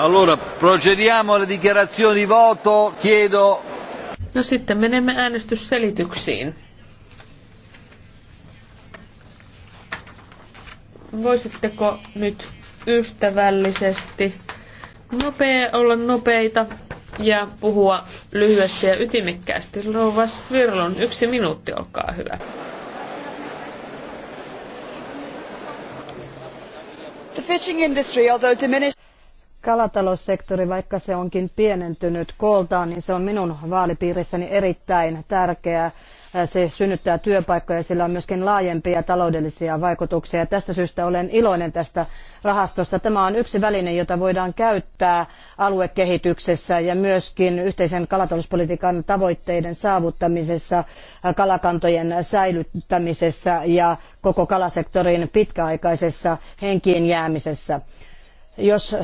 Allora, procediamo alle dichiarazioni voto. Chiedo... No sitten menemme äänestysselityksiin. Voisitteko nyt ystävällisesti nopea, olla nopeita ja puhua lyhyesti ja ytimekkäästi. Rouva Svirlon, yksi minuutti, olkaa hyvä. The fishing industry, although diminished kalataloussektori, vaikka se onkin pienentynyt kooltaan, niin se on minun vaalipiirissäni erittäin tärkeää. Se synnyttää työpaikkoja, sillä on myöskin laajempia taloudellisia vaikutuksia. Tästä syystä olen iloinen tästä rahastosta. Tämä on yksi väline, jota voidaan käyttää aluekehityksessä ja myöskin yhteisen kalatalouspolitiikan tavoitteiden saavuttamisessa, kalakantojen säilyttämisessä ja koko kalasektorin pitkäaikaisessa henkiin jäämisessä jos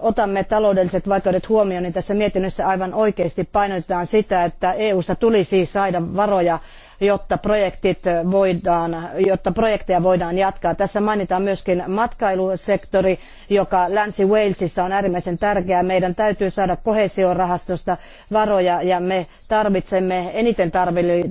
otamme taloudelliset vaikeudet huomioon, niin tässä mietinnössä aivan oikeasti painotetaan sitä, että EUsta tulisi siis saada varoja jotta, projektit voidaan, jotta projekteja voidaan jatkaa. Tässä mainitaan myöskin matkailusektori, joka Länsi-Walesissa on äärimmäisen tärkeää. Meidän täytyy saada kohesiorahastosta varoja ja me tarvitsemme eniten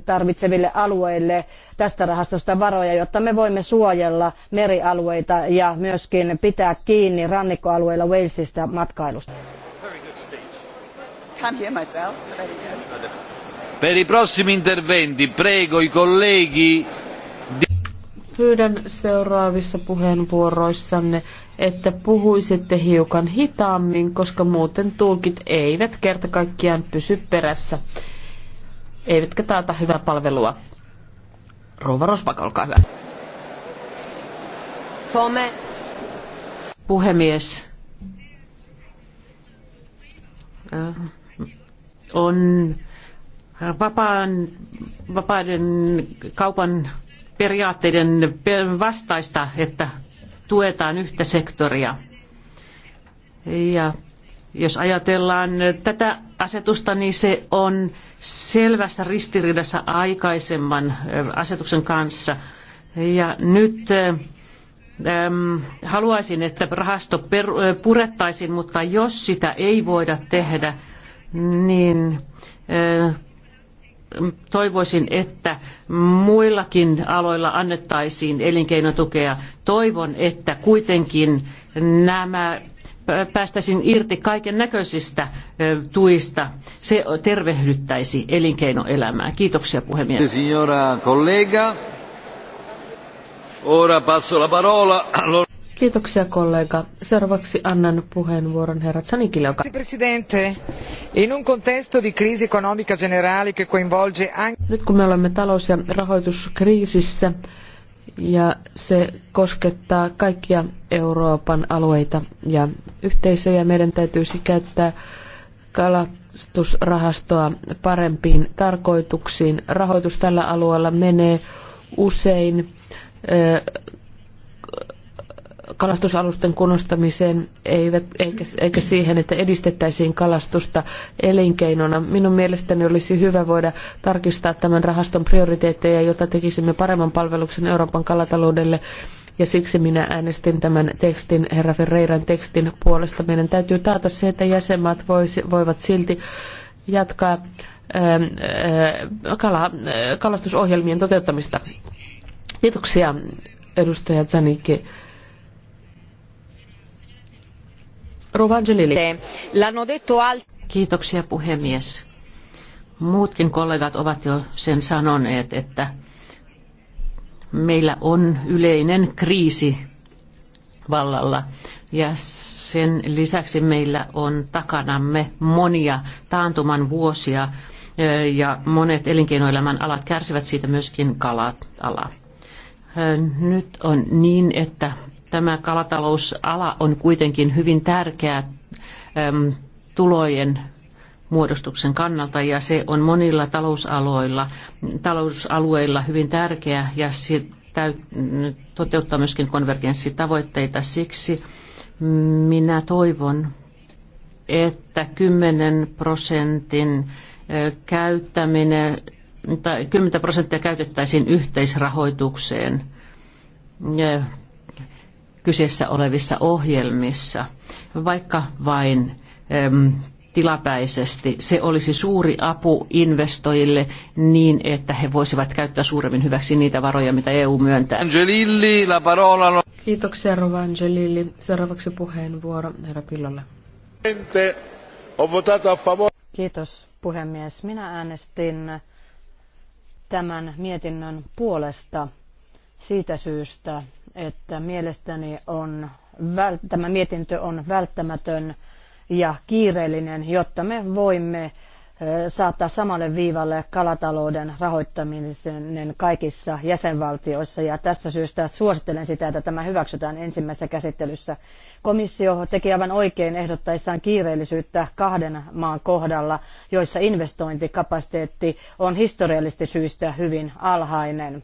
tarvitseville alueille tästä rahastosta varoja, jotta me voimme suojella merialueita ja myöskin pitää kiinni rannikkoalueilla Walesista matkailusta. Can't hear myself, but there you go. Per i prossimi interventi prego i colleghi Pyydän seuraavissa puheenvuoroissanne, että puhuisitte hiukan hitaammin, koska muuten tulkit eivät kerta kaikkiaan pysy perässä, eivätkä taata hyvää palvelua. Rouva Rosbak, olkaa hyvä. Fome. Puhemies. On vapaan, vapaiden kaupan periaatteiden vastaista, että tuetaan yhtä sektoria. Ja jos ajatellaan tätä asetusta, niin se on selvässä ristiriidassa aikaisemman asetuksen kanssa. Ja nyt ähm, haluaisin, että rahasto purettaisiin, mutta jos sitä ei voida tehdä, niin toivoisin, että muillakin aloilla annettaisiin elinkeinotukea. Toivon, että kuitenkin nämä päästäisiin irti kaiken näköisistä tuista. Se tervehdyttäisi elinkeinoelämää. Kiitoksia puhemies. Signora collega, ora passo la parola. Kiitoksia kollega. Seuraavaksi annan puheenvuoron herra Zanikille. Joka... Presidente, in un contesto di crisi economica generale che coinvolge anche... Nyt kun me olemme talous- ja rahoituskriisissä ja se koskettaa kaikkia Euroopan alueita ja yhteisöjä, meidän täytyisi käyttää kalastusrahastoa parempiin tarkoituksiin. Rahoitus tällä alueella menee usein kalastusalusten kunnostamiseen eikä, eikä siihen, että edistettäisiin kalastusta elinkeinona. Minun mielestäni olisi hyvä voida tarkistaa tämän rahaston prioriteetteja, jotta tekisimme paremman palveluksen Euroopan kalataloudelle ja siksi minä äänestin tämän tekstin, herra Ferreiran tekstin puolesta. Meidän täytyy taata se, että jäsenmaat voivat silti jatkaa ähm, äh, kala, äh, kalastusohjelmien toteuttamista. Kiitoksia, edustaja Zanikki. Kiitoksia puhemies. Muutkin kollegat ovat jo sen sanoneet, että meillä on yleinen kriisi vallalla. Ja sen lisäksi meillä on takanamme monia taantuman vuosia ja monet elinkeinoelämän alat kärsivät siitä myöskin kalat ala. Nyt on niin, että Tämä kalatalousala on kuitenkin hyvin tärkeä tulojen muodostuksen kannalta ja se on monilla talousaloilla, talousalueilla hyvin tärkeä ja se toteuttaa myöskin konvergenssitavoitteita. Siksi minä toivon, että 10 prosentin käyttäminen tai 10 prosenttia käytettäisiin yhteisrahoitukseen kyseessä olevissa ohjelmissa, vaikka vain äm, tilapäisesti. Se olisi suuri apu investoijille niin, että he voisivat käyttää suuremmin hyväksi niitä varoja, mitä EU myöntää. Angelilli, la parola. Kiitoksia, Rova Angelilli. Seuraavaksi puheenvuoro herra Pillolle. Kiitos, puhemies. Minä äänestin tämän mietinnön puolesta siitä syystä, että mielestäni on, tämä mietintö on välttämätön ja kiireellinen, jotta me voimme saattaa samalle viivalle kalatalouden rahoittaminen kaikissa jäsenvaltioissa ja tästä syystä suosittelen sitä, että tämä hyväksytään ensimmäisessä käsittelyssä. Komissio teki aivan oikein ehdottaessaan kiireellisyyttä kahden maan kohdalla, joissa investointikapasiteetti on historiallisesti syystä hyvin alhainen.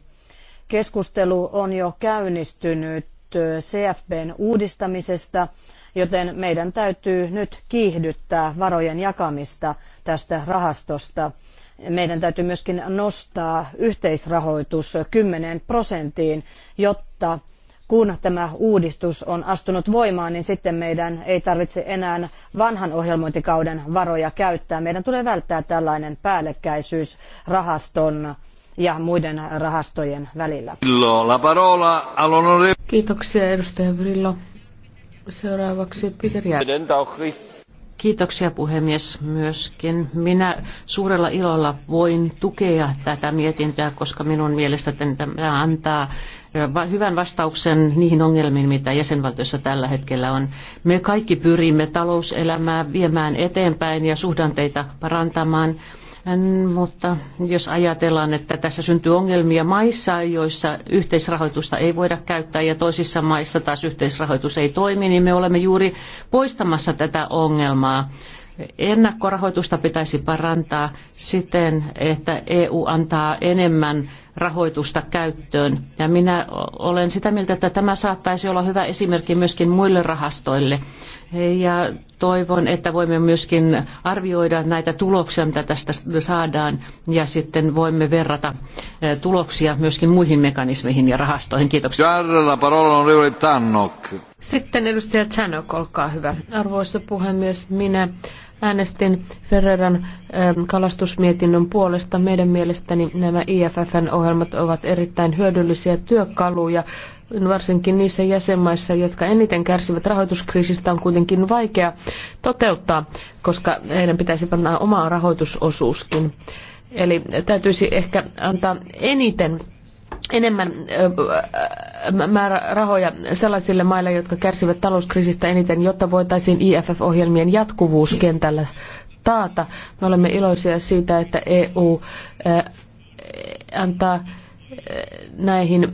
Keskustelu on jo käynnistynyt CFBn uudistamisesta, joten meidän täytyy nyt kiihdyttää varojen jakamista tästä rahastosta. Meidän täytyy myöskin nostaa yhteisrahoitus 10 prosenttiin, jotta kun tämä uudistus on astunut voimaan, niin sitten meidän ei tarvitse enää vanhan ohjelmointikauden varoja käyttää. Meidän tulee välttää tällainen päällekkäisyys rahaston ja muiden rahastojen välillä. Kiitoksia edustaja Brillo. Seuraavaksi Peter Kiitoksia puhemies myöskin. Minä suurella ilolla voin tukea tätä mietintöä, koska minun mielestäni tämä antaa hyvän vastauksen niihin ongelmiin, mitä jäsenvaltiossa tällä hetkellä on. Me kaikki pyrimme talouselämää viemään eteenpäin ja suhdanteita parantamaan. Mutta jos ajatellaan, että tässä syntyy ongelmia maissa, joissa yhteisrahoitusta ei voida käyttää ja toisissa maissa taas yhteisrahoitus ei toimi, niin me olemme juuri poistamassa tätä ongelmaa. Ennakkorahoitusta pitäisi parantaa siten, että EU antaa enemmän rahoitusta käyttöön. Ja minä olen sitä mieltä, että tämä saattaisi olla hyvä esimerkki myöskin muille rahastoille ja toivon, että voimme myöskin arvioida näitä tuloksia, mitä tästä saadaan, ja sitten voimme verrata eh, tuloksia myöskin muihin mekanismeihin ja rahastoihin. Kiitoksia. Sitten edustaja Tanok, olkaa hyvä. Arvoisa puhemies, minä äänestin Ferreran eh, kalastusmietinnön puolesta. Meidän mielestäni nämä IFFn ohjelmat ovat erittäin hyödyllisiä työkaluja varsinkin niissä jäsenmaissa, jotka eniten kärsivät rahoituskriisistä, on kuitenkin vaikea toteuttaa, koska heidän pitäisi panna oma rahoitusosuuskin. Eli täytyisi ehkä antaa eniten enemmän määrä rahoja sellaisille maille, jotka kärsivät talouskriisistä eniten, jotta voitaisiin IFF-ohjelmien jatkuvuus kentällä taata. Me olemme iloisia siitä, että EU antaa näihin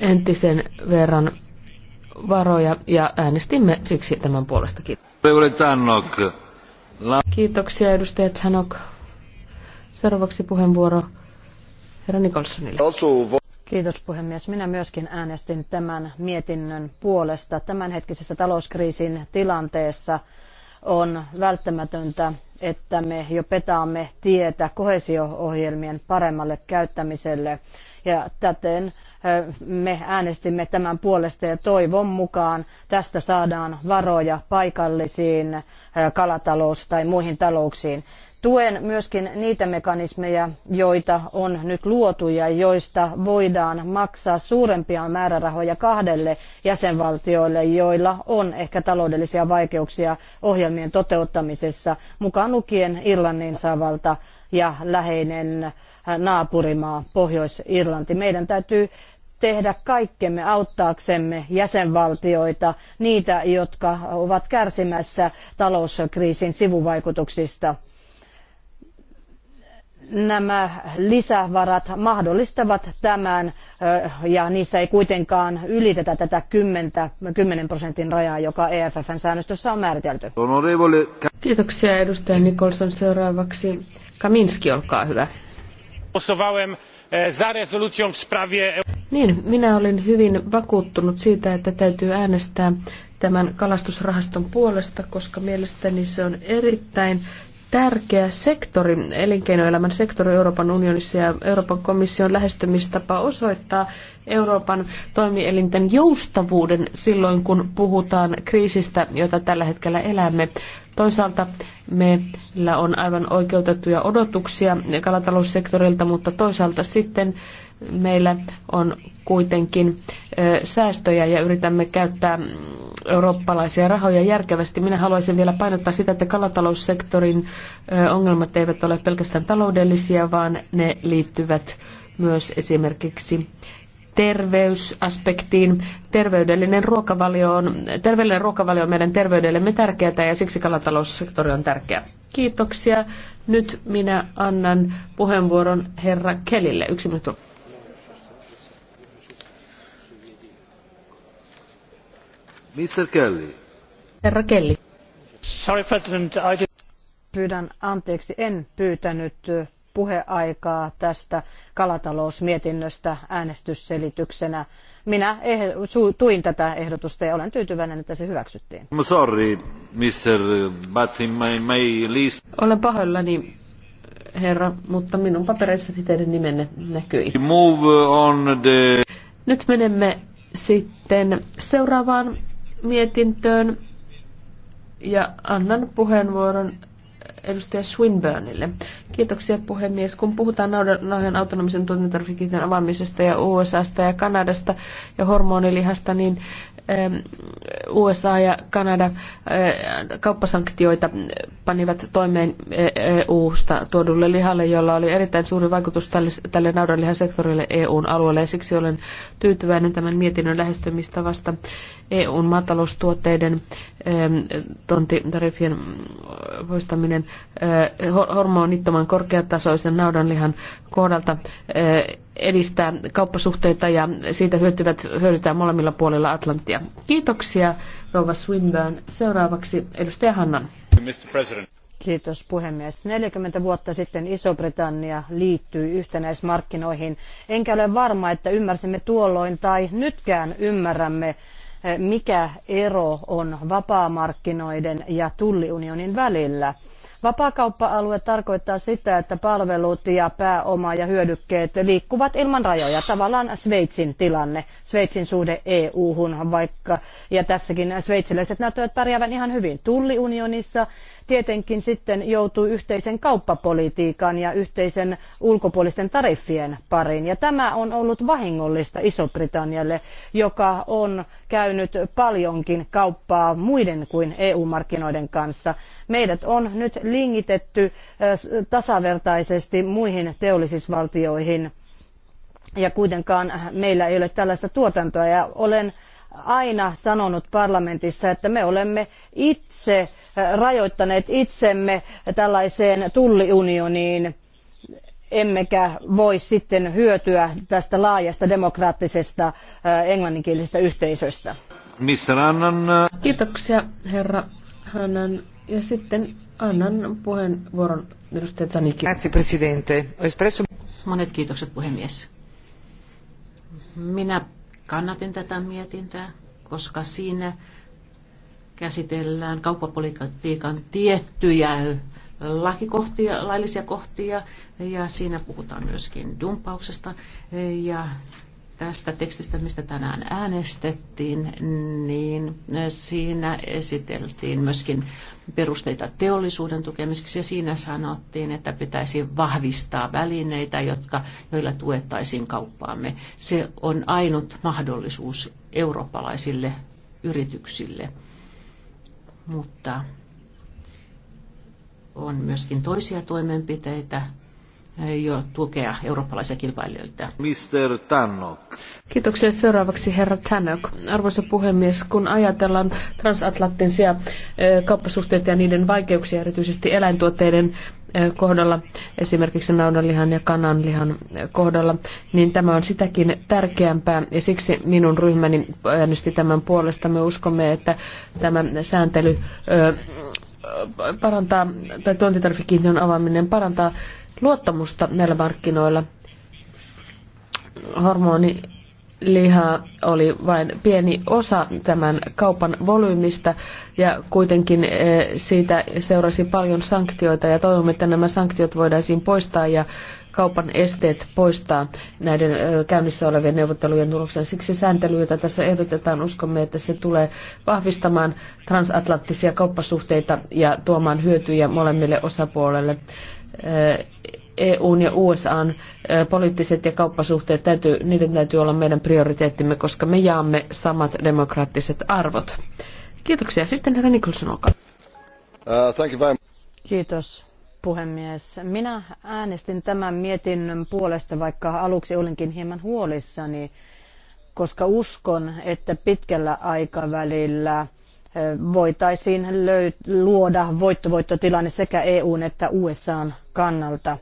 entisen verran varoja ja äänestimme siksi tämän puolesta Kiitoksia edustaja Tanok. Seuraavaksi puheenvuoro herra Nikolsonille. Kiitos puhemies. Minä myöskin äänestin tämän mietinnön puolesta tämänhetkisessä talouskriisin tilanteessa on välttämätöntä, että me jo petaamme tietä kohesio-ohjelmien paremmalle käyttämiselle. Ja täten me äänestimme tämän puolesta ja toivon mukaan tästä saadaan varoja paikallisiin kalatalous- tai muihin talouksiin. Tuen myöskin niitä mekanismeja, joita on nyt luotu ja joista voidaan maksaa suurempia määrärahoja kahdelle jäsenvaltioille, joilla on ehkä taloudellisia vaikeuksia ohjelmien toteuttamisessa, mukaan lukien Irlannin saavalta ja läheinen äh, naapurimaa Pohjois-Irlanti. Meidän täytyy tehdä kaikkemme auttaaksemme jäsenvaltioita, niitä, jotka ovat kärsimässä talouskriisin sivuvaikutuksista nämä lisävarat mahdollistavat tämän ja niissä ei kuitenkaan ylitetä tätä 10, prosentin rajaa, joka EFFn säännöstössä on määritelty. Kiitoksia edustaja Nikolson. Seuraavaksi Kaminski, olkaa hyvä. E, e- niin, minä olin hyvin vakuuttunut siitä, että täytyy äänestää tämän kalastusrahaston puolesta, koska mielestäni se on erittäin tärkeä sektori, elinkeinoelämän sektori Euroopan unionissa ja Euroopan komission lähestymistapa osoittaa Euroopan toimielinten joustavuuden silloin, kun puhutaan kriisistä, jota tällä hetkellä elämme. Toisaalta meillä on aivan oikeutettuja odotuksia kalataloussektorilta, mutta toisaalta sitten meillä on kuitenkin säästöjä ja yritämme käyttää eurooppalaisia rahoja järkevästi. Minä haluaisin vielä painottaa sitä, että kalataloussektorin ongelmat eivät ole pelkästään taloudellisia, vaan ne liittyvät myös esimerkiksi terveysaspektiin. Terveydellinen ruokavalio on, terveellinen ruokavalio on meidän terveydellemme tärkeää ja siksi kalataloussektori on tärkeä. Kiitoksia. Nyt minä annan puheenvuoron herra Kelille. Yksi minuutti. Herra Kelly. Sorry, Pyydän anteeksi, en pyytänyt puheaikaa tästä kalatalousmietinnöstä äänestysselityksenä. Minä tuin tätä ehdotusta ja olen tyytyväinen, että se hyväksyttiin. sorry, Mr. But in my, list... Olen pahoillani, herra, mutta minun papereissani teidän nimenne näkyi. Move on the... Nyt menemme sitten seuraavaan mietintöön ja annan puheenvuoron edustaja Swinburnille. Kiitoksia puhemies. Kun puhutaan naudan autonomisen tuotantotarvikkeiden avaamisesta ja USAsta ja Kanadasta ja hormonilihasta, niin USA ja Kanada eh, kauppasanktioita eh, panivat toimeen EU-sta eh, e tuodulle lihalle, jolla oli erittäin suuri vaikutus tälle, tälle naudanlihasektorille EUn alueelle ja siksi olen tyytyväinen tämän mietinnön lähestymistavasta EUn maataloustuotteiden tontitariffien poistaminen hormonittoman nimenomaan korkeatasoisen naudanlihan kohdalta eh, edistää kauppasuhteita ja siitä hyötyvät hyödytään molemmilla puolilla Atlanttia. Kiitoksia rouva Swinburne. Seuraavaksi edustaja Hannan. Kiitos puhemies. 40 vuotta sitten Iso-Britannia liittyi yhtenäismarkkinoihin. Enkä ole varma, että ymmärsimme tuolloin tai nytkään ymmärrämme, eh, mikä ero on vapaamarkkinoiden ja tulliunionin välillä. Vapaakauppa-alue tarkoittaa sitä, että palvelut ja pääoma ja hyödykkeet liikkuvat ilman rajoja. Tavallaan Sveitsin tilanne, Sveitsin suhde EU-hun vaikka. Ja tässäkin sveitsiläiset näyttävät pärjäävän ihan hyvin. Tulliunionissa tietenkin sitten joutuu yhteisen kauppapolitiikan ja yhteisen ulkopuolisten tariffien pariin. Ja tämä on ollut vahingollista Iso-Britannialle, joka on käynyt paljonkin kauppaa muiden kuin EU-markkinoiden kanssa. Meidät on nyt lingitetty tasavertaisesti muihin teollisuusvaltioihin ja kuitenkaan meillä ei ole tällaista tuotantoa ja olen aina sanonut parlamentissa, että me olemme itse rajoittaneet itsemme tällaiseen tulliunioniin, emmekä voi sitten hyötyä tästä laajasta demokraattisesta englanninkielisestä yhteisöstä. Missä Kiitoksia herra Hannan. Ja sitten annan puheenvuoron edustaja Zanikille. Grazie, presidente. Espresso... Monet kiitokset, puhemies. Minä kannatin tätä mietintää, koska siinä käsitellään kauppapolitiikan tiettyjä lakikohtia, laillisia kohtia ja siinä puhutaan myöskin dumpauksesta ja tästä tekstistä, mistä tänään äänestettiin, niin siinä esiteltiin myöskin perusteita teollisuuden tukemiseksi ja siinä sanottiin, että pitäisi vahvistaa välineitä, jotka, joilla tuettaisiin kauppaamme. Se on ainut mahdollisuus eurooppalaisille yrityksille. Mutta on myöskin toisia toimenpiteitä, jo tukea eurooppalaisia kilpailijoita. Mr. Tannock. Kiitoksia. Seuraavaksi herra Tannock. Arvoisa puhemies, kun ajatellaan transatlanttisia kauppasuhteita ja niiden vaikeuksia erityisesti eläintuotteiden kohdalla, esimerkiksi naudanlihan ja kananlihan kohdalla, niin tämä on sitäkin tärkeämpää ja siksi minun ryhmäni äänesti tämän puolesta. Me uskomme, että tämä sääntely parantaa, tai tuontitarifikiintiön avaaminen parantaa luottamusta näillä markkinoilla. Hormoni liha oli vain pieni osa tämän kaupan volyymista ja kuitenkin eh, siitä seurasi paljon sanktioita ja toivomme, että nämä sanktiot voidaan poistaa ja kaupan esteet poistaa näiden eh, käynnissä olevien neuvottelujen tuloksen. Siksi sääntely, jota tässä ehdotetaan, uskomme, että se tulee vahvistamaan transatlanttisia kauppasuhteita ja tuomaan hyötyjä molemmille osapuolelle. EUn ja USAn poliittiset ja kauppasuhteet, täytyy, niiden täytyy olla meidän prioriteettimme, koska me jaamme samat demokraattiset arvot. Kiitoksia. Sitten herra Nicholson, olkaa. Uh, thank you very much. Kiitos puhemies. Minä äänestin tämän mietinnön puolesta, vaikka aluksi olinkin hieman huolissani, koska uskon, että pitkällä aikavälillä – voitaisiin luoda voittovoittotilanne sekä EUn että USAn kannalta.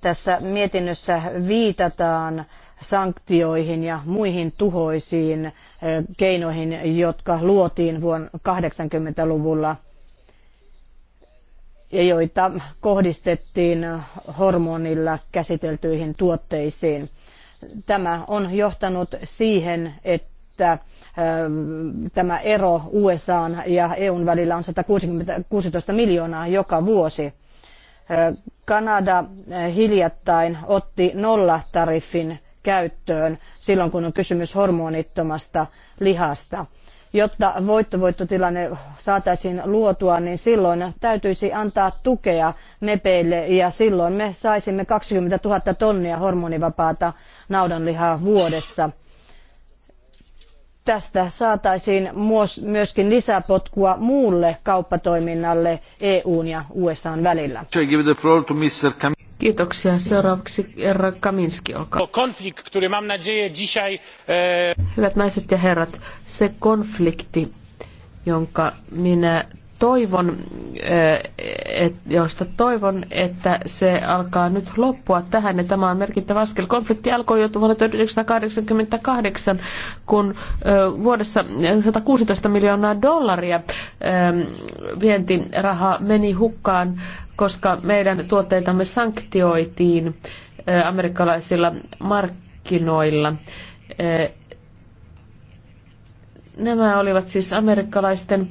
Tässä mietinnössä viitataan sanktioihin ja muihin tuhoisiin keinoihin, jotka luotiin vuonna 80-luvulla ja joita kohdistettiin hormonilla käsiteltyihin tuotteisiin. Tämä on johtanut siihen, että että ähm, tämä ero USA ja EUn välillä on 116 miljoonaa joka vuosi. Äh, Kanada äh, hiljattain otti nollatariffin käyttöön silloin, kun on kysymys hormonittomasta lihasta. Jotta voittovoittotilanne saataisiin luotua, niin silloin täytyisi antaa tukea mepeille ja silloin me saisimme 20 000 tonnia hormonivapaata naudanlihaa vuodessa – tästä saataisiin myöskin lisäpotkua muulle kauppatoiminnalle EUn ja USAn välillä. Kiitoksia. Seuraavaksi herra Kaminski, olkaa. Konflikt, e, Hyvät naiset ja herrat, se konflikti, jonka minä toivon, et, josta toivon, että se alkaa nyt loppua tähän. Ja tämä on merkittävä askel. Konflikti alkoi jo vuonna 1988, kun vuodessa 116 miljoonaa dollaria vientiraha meni hukkaan, koska meidän tuotteitamme sanktioitiin amerikkalaisilla markkinoilla Nämä olivat siis amerikkalaisten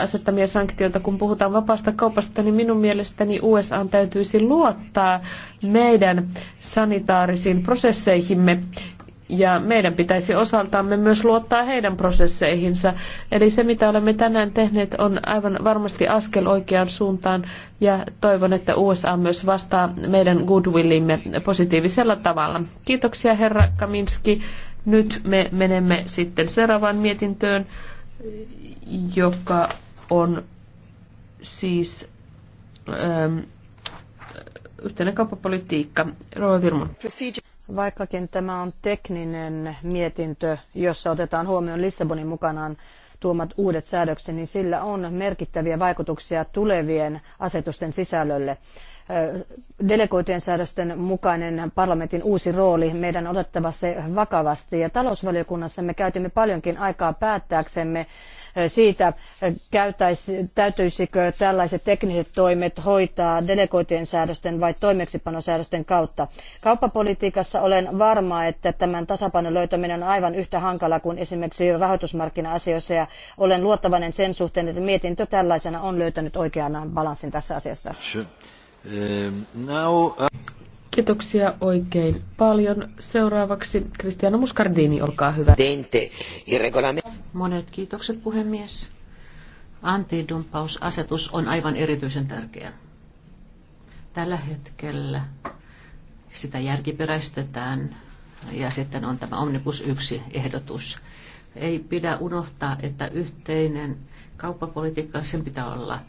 asettamia sanktioita. Kun puhutaan vapaasta kaupasta, niin minun mielestäni USA täytyisi luottaa meidän sanitaarisiin prosesseihimme ja meidän pitäisi osaltamme myös luottaa heidän prosesseihinsa. Eli se, mitä olemme tänään tehneet, on aivan varmasti askel oikeaan suuntaan ja toivon, että USA myös vastaa meidän goodwillimme positiivisella tavalla. Kiitoksia herra Kaminski. Nyt me menemme sitten seuraavaan mietintöön, joka on siis ähm, yhteinen kauppapolitiikka. Rova Virman. Vaikkakin tämä on tekninen mietintö, jossa otetaan huomioon Lissabonin mukanaan tuomat uudet säädökset, niin sillä on merkittäviä vaikutuksia tulevien asetusten sisällölle delegoitujen säädösten mukainen parlamentin uusi rooli. Meidän on otettava se vakavasti. Ja talousvaliokunnassa me käytimme paljonkin aikaa päättääksemme siitä, täytyisikö tällaiset tekniset toimet hoitaa delegoitujen säädösten vai toimeksipanosäädösten kautta. Kauppapolitiikassa olen varma, että tämän tasapainon löytäminen on aivan yhtä hankala kuin esimerkiksi rahoitusmarkkina-asioissa ja olen luottavainen sen suhteen, että mietintö tällaisena on löytänyt oikean balanssin tässä asiassa. Sure. Ehm, uh, Kiitoksia oikein paljon. Seuraavaksi Cristiano Muscardini, olkaa hyvä. Monet kiitokset puhemies. Antidumpausasetus on aivan erityisen tärkeä. Tällä hetkellä sitä järkiperäistetään ja sitten on tämä Omnibus 1-ehdotus. Ei pidä unohtaa, että yhteinen kauppapolitiikka, sen pitää olla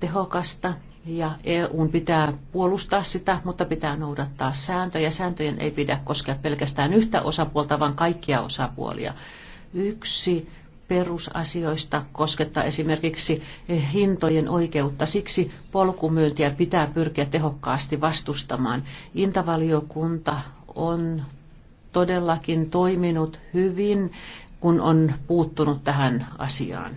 tehokasta, ja EUn pitää puolustaa sitä, mutta pitää noudattaa sääntöjä. Sääntöjen ei pidä koskea pelkästään yhtä osapuolta, vaan kaikkia osapuolia. Yksi perusasioista koskettaa esimerkiksi hintojen oikeutta. Siksi polkumyyntiä pitää pyrkiä tehokkaasti vastustamaan. Intavaliokunta on todellakin toiminut hyvin, kun on puuttunut tähän asiaan.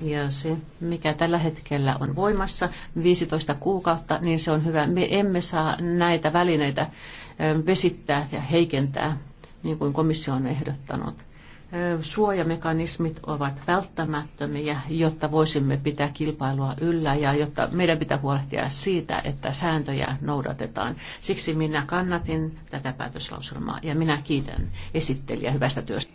Ja se, mikä tällä hetkellä on voimassa, 15 kuukautta, niin se on hyvä. Me emme saa näitä välineitä vesittää ja heikentää, niin kuin komissio on ehdottanut suojamekanismit ovat välttämättömiä, jotta voisimme pitää kilpailua yllä ja jotta meidän pitää huolehtia siitä, että sääntöjä noudatetaan. Siksi minä kannatin tätä päätöslauselmaa ja minä kiitän esittelijä hyvästä työstä.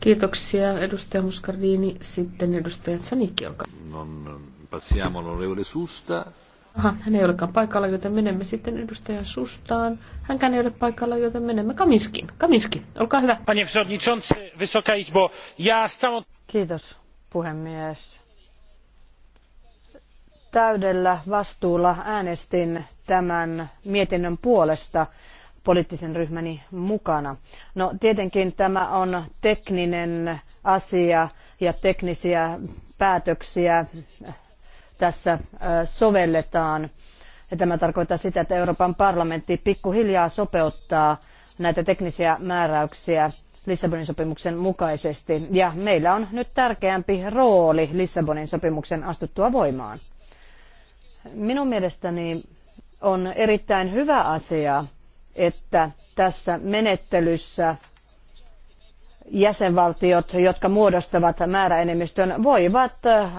Kiitoksia edustaja Muscardini. Sitten edustaja Zanikki, olkaa. Non, passiamo l'onorevole Susta. Aha, hän ei olekaan paikalla, joten menemme sitten edustajan Sustaan. Hänkään ei ole paikalla, joten menemme Kaminskin. Kaminski, olkaa hyvä. Panie przewodniczący, Wysoka Izbo, ja z całą... Kiitos, puhemies. Täydellä vastuulla äänestin tämän mietinnön puolesta poliittisen ryhmäni mukana. No tietenkin tämä on tekninen asia ja teknisiä päätöksiä tässä sovelletaan. Ja tämä tarkoittaa sitä, että Euroopan parlamentti pikkuhiljaa sopeuttaa näitä teknisiä määräyksiä Lissabonin sopimuksen mukaisesti. Ja meillä on nyt tärkeämpi rooli Lissabonin sopimuksen astuttua voimaan. Minun mielestäni on erittäin hyvä asia, että tässä menettelyssä jäsenvaltiot, jotka muodostavat määräenemmistön, voivat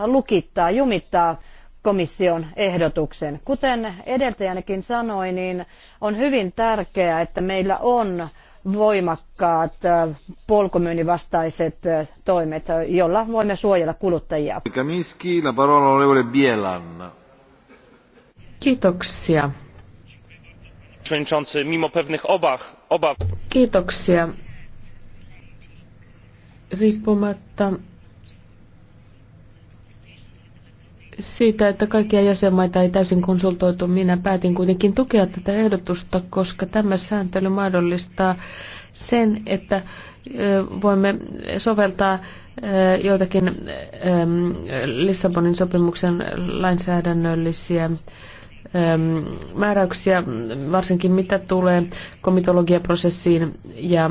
lukittaa, jumittaa komission ehdotuksen. Kuten edeltäjänikin sanoi, niin on hyvin tärkeää, että meillä on voimakkaat äh, polkumyynnin vastaiset äh, toimet, joilla voimme suojella kuluttajia. Kaminski, la parola onorevole Bielan. Kiitoksia. Przewodniczący, mimo pewnych obaw, obaw. Kiitoksia. Riippumatta siitä, että kaikkia jäsenmaita ei täysin konsultoitu, minä päätin kuitenkin tukea tätä ehdotusta, koska tämä sääntely mahdollistaa sen, että voimme soveltaa joitakin Lissabonin sopimuksen lainsäädännöllisiä määräyksiä, varsinkin mitä tulee komitologiaprosessiin ja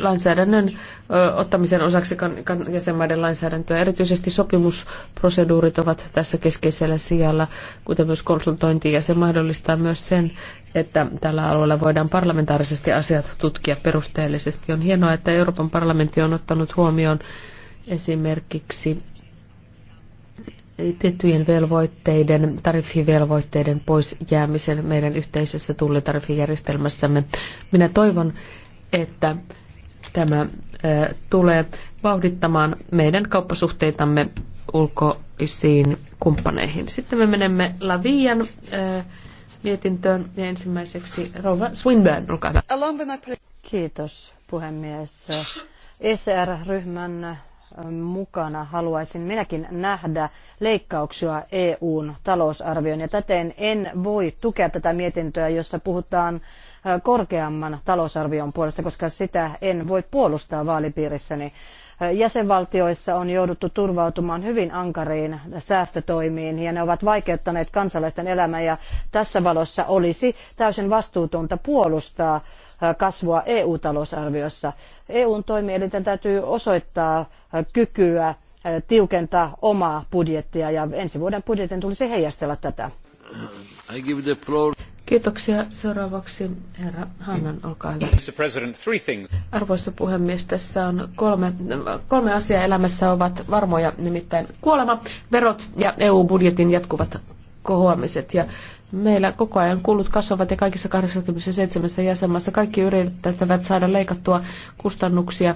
lainsäädännön ottamisen osaksi jäsenmaiden lainsäädäntöä. Erityisesti sopimusproseduurit ovat tässä keskeisellä sijalla, kuten myös konsultointi, ja se mahdollistaa myös sen, että tällä alueella voidaan parlamentaarisesti asiat tutkia perusteellisesti. On hienoa, että Euroopan parlamentti on ottanut huomioon esimerkiksi tiettyjen velvoitteiden, tariffivelvoitteiden pois jäämisen meidän yhteisessä tullitariffijärjestelmässämme. Minä toivon, että tämä tulee vauhdittamaan meidän kauppasuhteitamme ulkoisiin kumppaneihin. Sitten me menemme Lavian mietintöön ja ensimmäiseksi Rova Swinburne, olkaa hyvä. Kiitos puhemies. ECR-ryhmän mukana haluaisin minäkin nähdä leikkauksia EUn talousarvioon ja täten en voi tukea tätä mietintöä, jossa puhutaan korkeamman talousarvion puolesta, koska sitä en voi puolustaa vaalipiirissäni. Jäsenvaltioissa on jouduttu turvautumaan hyvin ankariin säästötoimiin ja ne ovat vaikeuttaneet kansalaisten elämää ja tässä valossa olisi täysin vastuutonta puolustaa kasvua EU-talousarviossa. EUn toimielinten täytyy osoittaa kykyä tiukentaa omaa budjettia ja ensi vuoden budjetin tulisi heijastella tätä. Kiitoksia. Seuraavaksi herra Hannan, olkaa hyvä. Arvoisa puhemies, tässä on kolme, kolme asiaa elämässä ovat varmoja, nimittäin kuolema, verot ja EU-budjetin jatkuvat kohoamiset. Ja meillä koko ajan kulut kasvavat ja kaikissa 87 jäsenmaassa kaikki yrittävät saada leikattua kustannuksia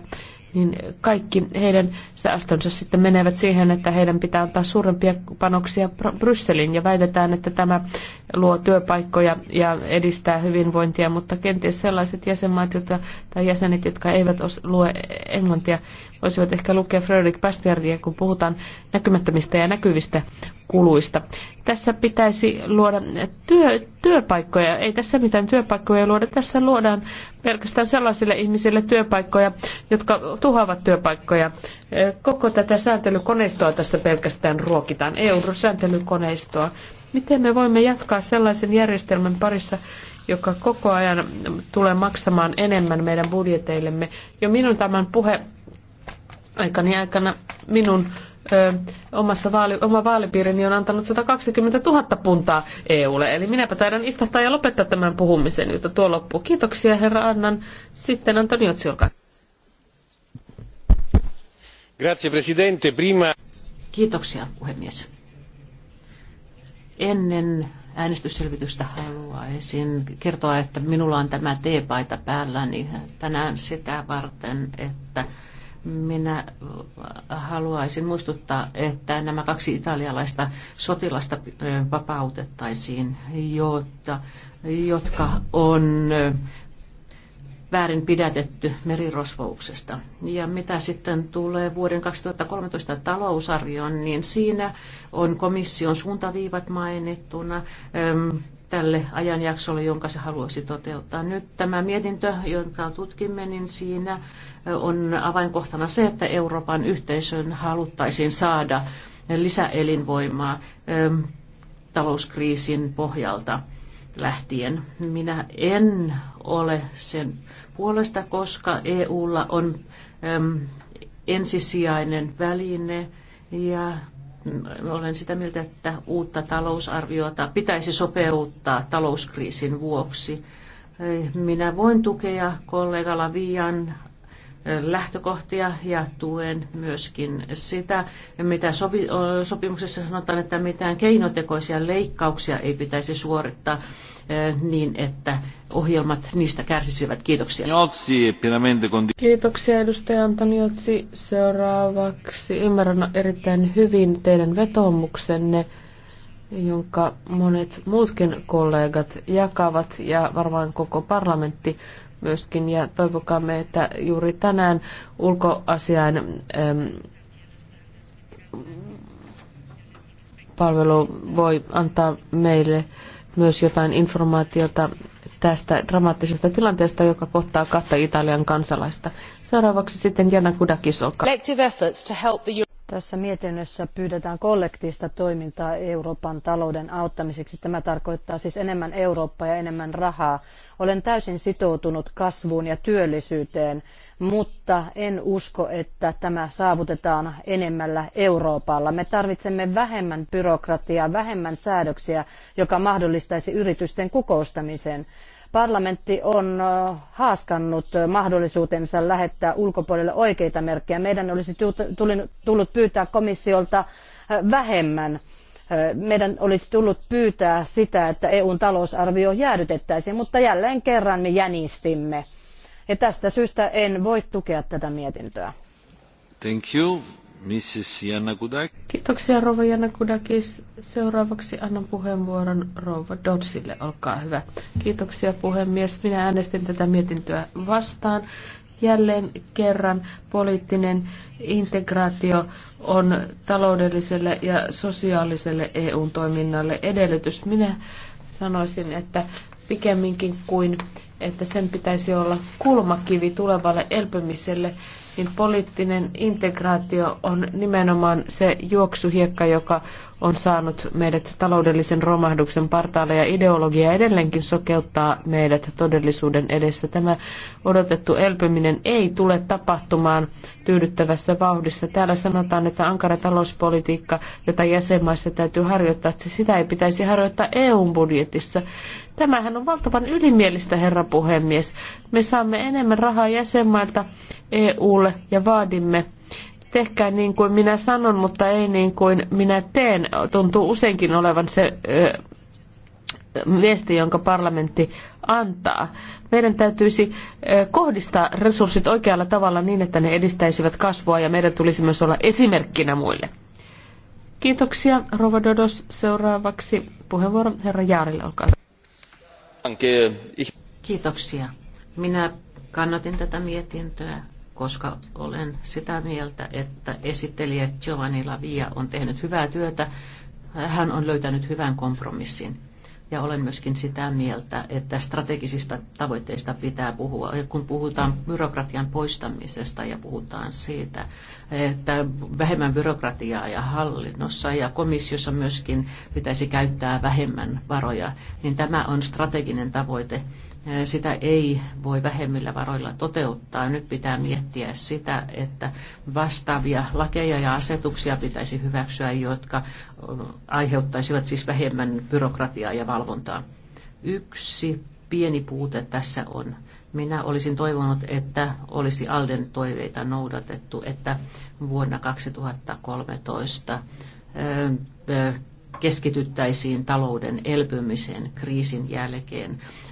niin kaikki heidän säästönsä sitten menevät siihen, että heidän pitää antaa suurempia panoksia Brysselin ja väitetään, että tämä luo työpaikkoja ja edistää hyvinvointia, mutta kenties sellaiset jäsenmaat jotka, tai jäsenet, jotka eivät lue englantia, voisivat ehkä lukea Fredrik Bastiardia, kun puhutaan näkymättömistä ja näkyvistä kuluista. Tässä pitäisi luoda työ, työpaikkoja. Ei tässä mitään työpaikkoja luoda. Tässä luodaan pelkästään sellaisille ihmisille työpaikkoja, jotka tuhoavat työpaikkoja. Koko tätä sääntelykoneistoa tässä pelkästään ruokitaan. EU-sääntelykoneistoa. Miten me voimme jatkaa sellaisen järjestelmän parissa, joka koko ajan tulee maksamaan enemmän meidän budjeteillemme. Jo minun tämän puhe aikani aikana minun ö, omassa vaali, oma vaalipiirini on antanut 120 000 puntaa EUlle. Eli minäpä taidan istahtaa ja lopettaa tämän puhumisen, jota tuo loppuu. Kiitoksia herra Annan. Sitten Antoniotsi, olkaa. Grazie, presidente. Prima... Kiitoksia puhemies. Ennen äänestysselvitystä haluaisin kertoa, että minulla on tämä päällä, niin tänään sitä varten, että minä haluaisin muistuttaa, että nämä kaksi italialaista sotilasta vapautettaisiin, jotta, jotka on väärin pidätetty merirosvouksesta. Ja mitä sitten tulee vuoden 2013 talousarvioon, niin siinä on komission suuntaviivat mainittuna tälle ajanjaksolle, jonka se haluaisi toteuttaa. Nyt tämä mietintö, jonka tutkimme, niin siinä on avainkohtana se, että Euroopan yhteisön haluttaisiin saada lisäelinvoimaa ähm, talouskriisin pohjalta lähtien. Minä en ole sen puolesta, koska EUlla on ähm, ensisijainen väline ja olen sitä mieltä, että uutta talousarviota pitäisi sopeuttaa talouskriisin vuoksi. Minä voin tukea kollega Lavian lähtökohtia ja tuen myöskin sitä, mitä sovi, sopimuksessa sanotaan, että mitään keinotekoisia leikkauksia ei pitäisi suorittaa niin, että ohjelmat niistä kärsisivät. Kiitoksia. Kiitoksia edustaja Antoniotsi. Seuraavaksi ymmärrän erittäin hyvin teidän vetomuksenne jonka monet muutkin kollegat jakavat ja varmaan koko parlamentti myöskin ja toivokamme että juuri tänään ulkoasian äm, palvelu voi antaa meille myös jotain informaatiota tästä dramaattisesta tilanteesta, joka kohtaa kahta Italian kansalaista. Seuraavaksi sitten Jana Kudakis, olkaa. Tässä mietinnössä pyydetään kollektiista toimintaa Euroopan talouden auttamiseksi. Tämä tarkoittaa siis enemmän Eurooppaa ja enemmän rahaa. Olen täysin sitoutunut kasvuun ja työllisyyteen, mutta en usko, että tämä saavutetaan enemmällä Euroopalla. Me tarvitsemme vähemmän byrokratiaa, vähemmän säädöksiä, joka mahdollistaisi yritysten kukoistamisen. Parlamentti on haaskannut mahdollisuutensa lähettää ulkopuolelle oikeita merkkejä. Meidän olisi tullut pyytää komissiolta vähemmän meidän olisi tullut pyytää sitä, että EUn talousarvio jäädytettäisiin, mutta jälleen kerran me jänistimme. Ja tästä syystä en voi tukea tätä mietintöä. Thank you. Mrs. Janakudak. Kiitoksia Rova kudakis. Seuraavaksi annan puheenvuoron rouva Dodsille. Olkaa hyvä. Kiitoksia puhemies. Minä äänestin tätä mietintöä vastaan. Jälleen kerran poliittinen integraatio on taloudelliselle ja sosiaaliselle EU-toiminnalle edellytys. Minä sanoisin, että pikemminkin kuin, että sen pitäisi olla kulmakivi tulevalle elpymiselle niin poliittinen integraatio on nimenomaan se juoksuhiekka, joka on saanut meidät taloudellisen romahduksen partaalle ja ideologia edelleenkin sokeuttaa meidät todellisuuden edessä. Tämä odotettu elpyminen ei tule tapahtumaan tyydyttävässä vauhdissa. Täällä sanotaan, että ankara talouspolitiikka, jota jäsenmaissa täytyy harjoittaa, sitä ei pitäisi harjoittaa EU-budjetissa. Tämähän on valtavan ylimielistä, herra puhemies. Me saamme enemmän rahaa jäsenmailta EUlle ja vaadimme tehkää niin kuin minä sanon, mutta ei niin kuin minä teen. Tuntuu useinkin olevan se ö, viesti, jonka parlamentti antaa. Meidän täytyisi ö, kohdistaa resurssit oikealla tavalla niin, että ne edistäisivät kasvua ja meidän tulisi myös olla esimerkkinä muille. Kiitoksia, Rova Dodos. Seuraavaksi puheenvuoro herra Jaarille, olkaa Kiitoksia. Minä kannatin tätä mietintöä, koska olen sitä mieltä, että esittelijä Giovanni Lavia on tehnyt hyvää työtä. Hän on löytänyt hyvän kompromissin ja olen myöskin sitä mieltä, että strategisista tavoitteista pitää puhua. Kun puhutaan byrokratian poistamisesta ja puhutaan siitä, että vähemmän byrokratiaa ja hallinnossa ja komissiossa myöskin pitäisi käyttää vähemmän varoja, niin tämä on strateginen tavoite, sitä ei voi vähemmillä varoilla toteuttaa. Nyt pitää miettiä sitä, että vastaavia lakeja ja asetuksia pitäisi hyväksyä, jotka aiheuttaisivat siis vähemmän byrokratiaa ja valvontaa. Yksi pieni puute tässä on. Minä olisin toivonut, että olisi Alden toiveita noudatettu, että vuonna 2013 keskityttäisiin talouden elpymiseen kriisin jälkeen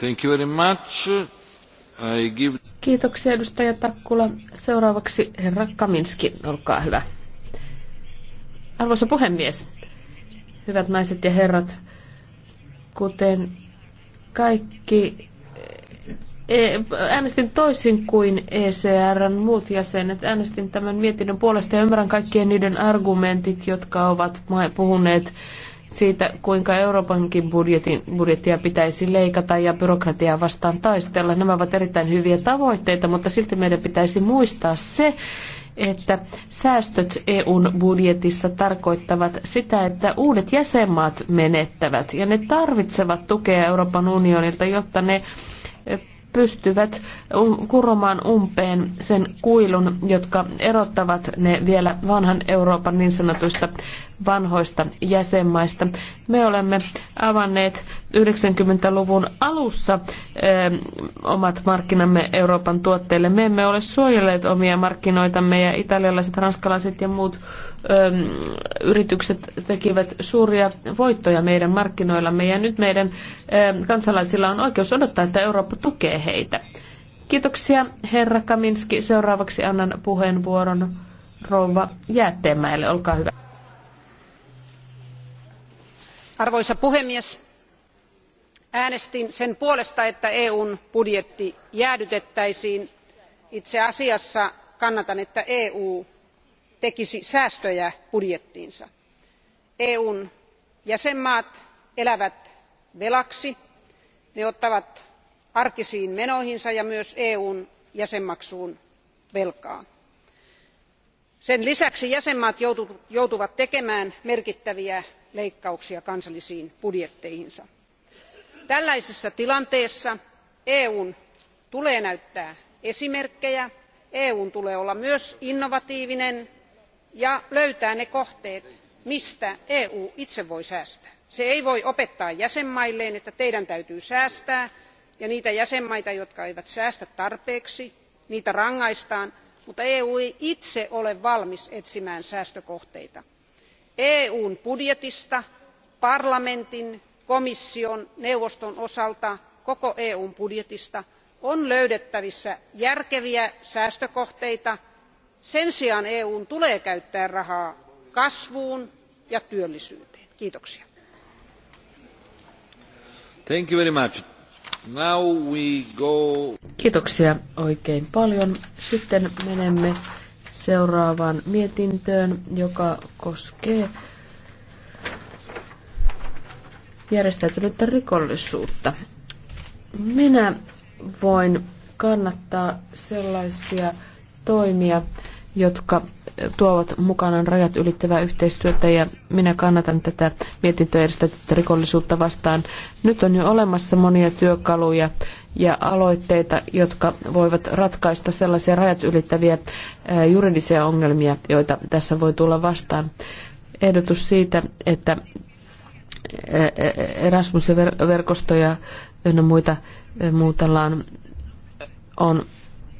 Thank you very much. I give... Kiitoksia edustaja Takkula. Seuraavaksi herra Kaminski, olkaa hyvä. Arvoisa puhemies, hyvät naiset ja herrat, kuten kaikki e, äänestin toisin kuin ECRn muut jäsenet. Äänestin tämän mietinnön puolesta ja ymmärrän kaikkien niiden argumentit, jotka ovat puhuneet siitä, kuinka Euroopankin budjetin, budjettia pitäisi leikata ja byrokratiaa vastaan taistella. Nämä ovat erittäin hyviä tavoitteita, mutta silti meidän pitäisi muistaa se, että säästöt EUn budjetissa tarkoittavat sitä, että uudet jäsenmaat menettävät ja ne tarvitsevat tukea Euroopan unionilta, jotta ne pystyvät um, kuromaan umpeen sen kuilun, jotka erottavat ne vielä vanhan Euroopan niin sanotuista vanhoista jäsenmaista. Me olemme avanneet 90-luvun alussa ähm, omat markkinamme Euroopan tuotteille. Me emme ole suojelleet omia markkinoitamme ja italialaiset, ranskalaiset ja muut ähm, yritykset tekivät suuria voittoja meidän markkinoillamme ja nyt meidän ähm, kansalaisilla on oikeus odottaa, että Eurooppa tukee heitä. Kiitoksia herra Kaminski. Seuraavaksi annan puheenvuoron rouva Jäätteenmäelle. Olkaa hyvä arvoisa puhemies äänestin sen puolesta että eu n budjetti jäädytettäisiin. itse asiassa kannatan että eu tekisi säästöjä budjettiinsa. eu n jäsenvaltiot elävät velaksi ne ottavat arkisiin menoihinsa ja myös eu n jäsenmaksuun velkaa. sen lisäksi jäsenvaltiot joutuvat tekemään merkittäviä leikkauksia kansallisiin budjetteihinsa. tällaisessa tilanteessa eu n tulee näyttää esimerkkejä eu n tulee olla myös innovatiivinen ja löytää ne kohteet mistä eu itse voi säästää. se ei voi opettaa jäsenvaltioilleen että teidän täytyy säästää ja niitä jäsenvaltioita jotka eivät säästä tarpeeksi rangaistaan mutta eu ei itse ole valmis etsimään säästökohteita eun budjetista parlamentin komission neuvoston osalta koko eun budjetista on löydettävissä järkeviä säästökohteita. sen sijaan eun tulee käyttää rahaa kasvuun ja työllisyyteen. kiitoksia. Kiitoksia oikein paljon. Sitten menemme seuraavaan mietintöön, joka koskee järjestäytynyttä rikollisuutta. Minä voin kannattaa sellaisia toimia, jotka tuovat mukanaan rajat ylittävää yhteistyötä ja minä kannatan tätä mietintöä edistettyä rikollisuutta vastaan. Nyt on jo olemassa monia työkaluja ja aloitteita, jotka voivat ratkaista sellaisia rajat ylittäviä juridisia ongelmia, joita tässä voi tulla vastaan. Ehdotus siitä, että Erasmusin verkostoja ynnä muita muutellaan on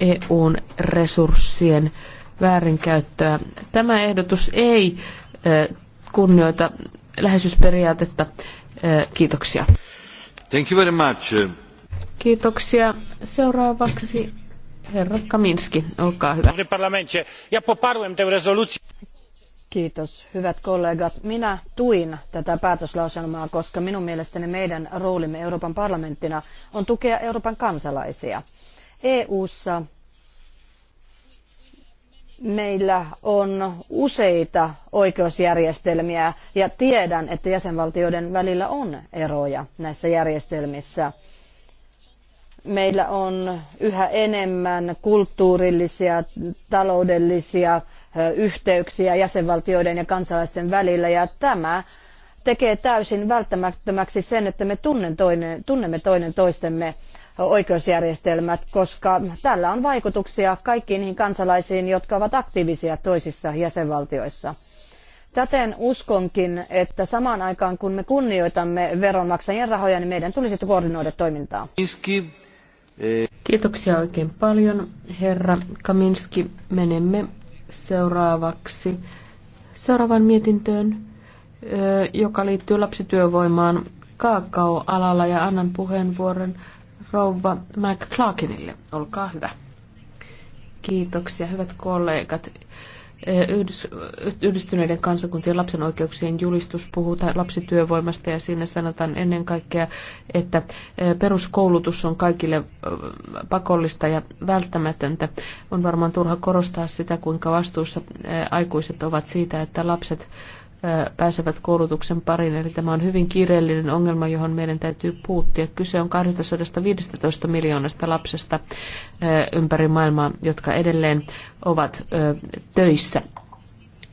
EUn resurssien väärinkäyttöä. Tämä ehdotus ei kunnioita läheisyysperiaatetta. Kiitoksia. Thank you very much. Kiitoksia. Seuraavaksi herra Kaminski, olkaa hyvä. Kiitos, hyvät kollegat. Minä tuin tätä päätöslauselmaa, koska minun mielestäni meidän roolimme Euroopan parlamenttina on tukea Euroopan kansalaisia. EU:ssa meillä on useita oikeusjärjestelmiä ja tiedän, että jäsenvaltioiden välillä on eroja näissä järjestelmissä. Meillä on yhä enemmän kulttuurillisia, taloudellisia yhteyksiä jäsenvaltioiden ja kansalaisten välillä ja tämä tekee täysin välttämättömäksi sen, että me tunnemme toinen toistemme oikeusjärjestelmät, koska tällä on vaikutuksia kaikkiin niihin kansalaisiin, jotka ovat aktiivisia toisissa jäsenvaltioissa. Täten uskonkin, että samaan aikaan kun me kunnioitamme veronmaksajien rahoja, niin meidän tulisi koordinoida toimintaa. Eh. Kiitoksia oikein paljon, herra Kaminski. Menemme seuraavaksi seuraavan mietintöön, eh, joka liittyy lapsityövoimaan kaakaoalalla alalla ja annan puheenvuoron rouva McClarkinille. Olkaa hyvä. Kiitoksia, hyvät kollegat. Yhdistyneiden kansakuntien lapsen oikeuksien julistus puhutaan lapsityövoimasta ja siinä sanotaan ennen kaikkea, että peruskoulutus on kaikille pakollista ja välttämätöntä. On varmaan turha korostaa sitä, kuinka vastuussa aikuiset ovat siitä, että lapset pääsevät koulutuksen pariin. Eli tämä on hyvin kiireellinen ongelma, johon meidän täytyy puuttia. Kyse on 215 miljoonasta lapsesta ympäri maailmaa, jotka edelleen ovat töissä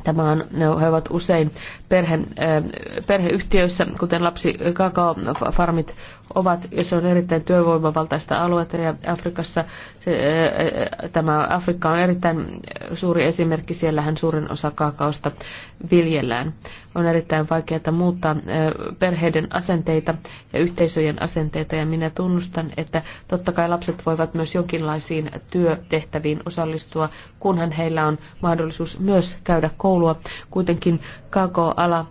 Tämä on, he ovat usein perhe, perheyhtiöissä, kuten lapsi kakaofarmit ovat, ja se on erittäin työvoimavaltaista aluetta, ja Afrikassa se, tämä Afrikka on erittäin suuri esimerkki, siellähän suurin osa kakaosta viljellään. On erittäin vaikeaa muuttaa perheiden asenteita ja yhteisöjen asenteita, ja minä tunnustan, että totta kai lapset voivat myös jonkinlaisiin työtehtäviin osallistua, kunhan heillä on mahdollisuus myös käydä koulua koulua. Kuitenkin KK-ala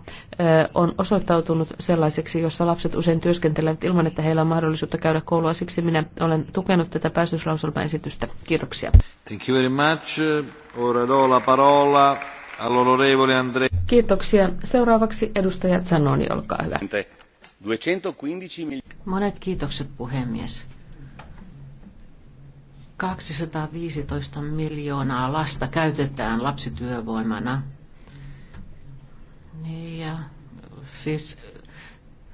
on osoittautunut sellaiseksi, jossa lapset usein työskentelevät ilman, että heillä on mahdollisuutta käydä koulua. Siksi minä olen tukenut tätä päätöslauselmaesitystä. Kiitoksia. Thank you very much. Ora do la parola all'onorevole Andrea. Kiitoksia. Seuraavaksi edustaja Zanoni, olkaa hyvä. 215 Monet kiitokset puhemies. 215 miljoonaa lasta käytetään lapsityövoimana niin, ja siis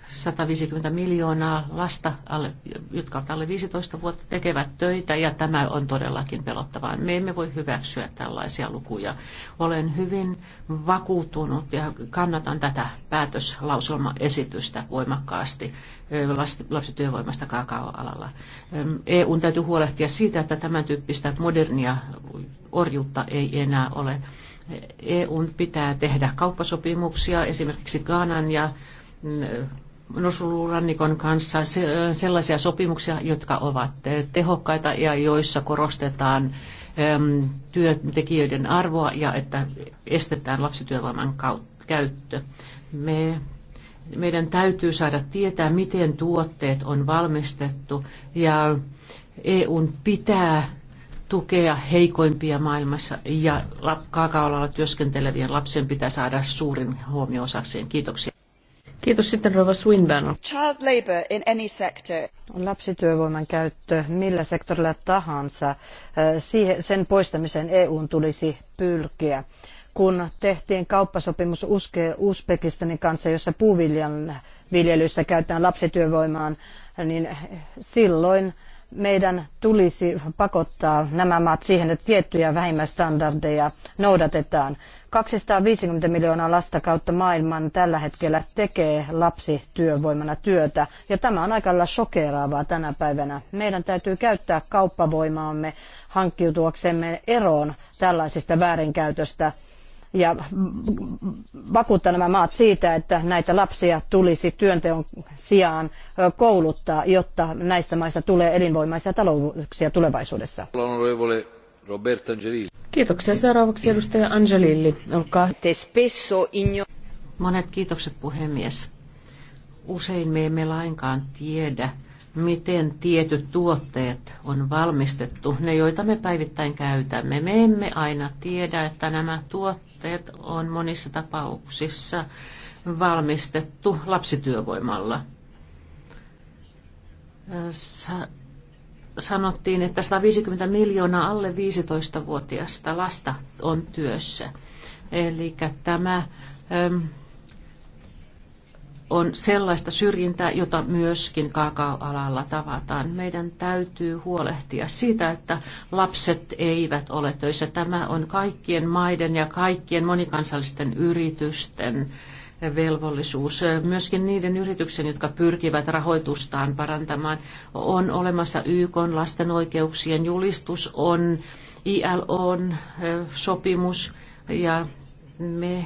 150 miljoonaa lasta, alle, jotka ovat alle 15 vuotta, tekevät töitä ja tämä on todellakin pelottavaa. Me emme voi hyväksyä tällaisia lukuja. Olen hyvin vakuutunut ja kannatan tätä päätöslauselmaesitystä voimakkaasti lapsityövoimasta kakaoalalla. EUn täytyy huolehtia siitä, että tämän tyyppistä modernia orjuutta ei enää ole. EUn pitää tehdä kauppasopimuksia esimerkiksi Ghanan ja mm, Nosulurannikon kanssa sellaisia sopimuksia, jotka ovat tehokkaita ja joissa korostetaan työntekijöiden arvoa ja että estetään lapsityövoiman käyttö. Me, meidän täytyy saada tietää, miten tuotteet on valmistettu ja EUn pitää tukea heikoimpia maailmassa ja kaakaolalla työskentelevien lapsen pitää saada suurin huomio osakseen. Kiitoksia. Kiitos sitten Rova Swinburne. Child labor in any sector. Lapsityövoiman käyttö millä sektorilla tahansa, äh, siihen, sen poistamiseen EUn tulisi pylkiä. Kun tehtiin kauppasopimus Uzbekistanin kanssa, jossa puuviljan viljelyssä käytetään lapsityövoimaan, niin silloin meidän tulisi pakottaa nämä maat siihen, että tiettyjä vähimmäistandardeja noudatetaan. 250 miljoonaa lasta kautta maailman tällä hetkellä tekee lapsityövoimana työtä, ja tämä on aika lailla shokeraavaa tänä päivänä. Meidän täytyy käyttää kauppavoimaamme hankkiutuaksemme eroon tällaisista väärinkäytöstä ja vakuuttaa nämä maat siitä, että näitä lapsia tulisi työnteon sijaan kouluttaa, jotta näistä maista tulee elinvoimaisia talouksia tulevaisuudessa. Kiitoksia. Seuraavaksi edustaja Angelilli, olkaa Monet kiitokset puhemies. Usein me emme lainkaan tiedä, miten tietyt tuotteet on valmistettu, ne joita me päivittäin käytämme. Me emme aina tiedä, että nämä tuotteet on monissa tapauksissa valmistettu lapsityövoimalla. Sa- sanottiin, että 150 miljoonaa alle 15 vuotiaista lasta on työssä. Eli tämä on sellaista syrjintää, jota myöskin kakao-alalla tavataan. Meidän täytyy huolehtia siitä, että lapset eivät ole töissä. Tämä on kaikkien maiden ja kaikkien monikansallisten yritysten velvollisuus. Myöskin niiden yrityksen, jotka pyrkivät rahoitustaan parantamaan, on olemassa YK lasten oikeuksien julistus, on ILOn eh, sopimus ja me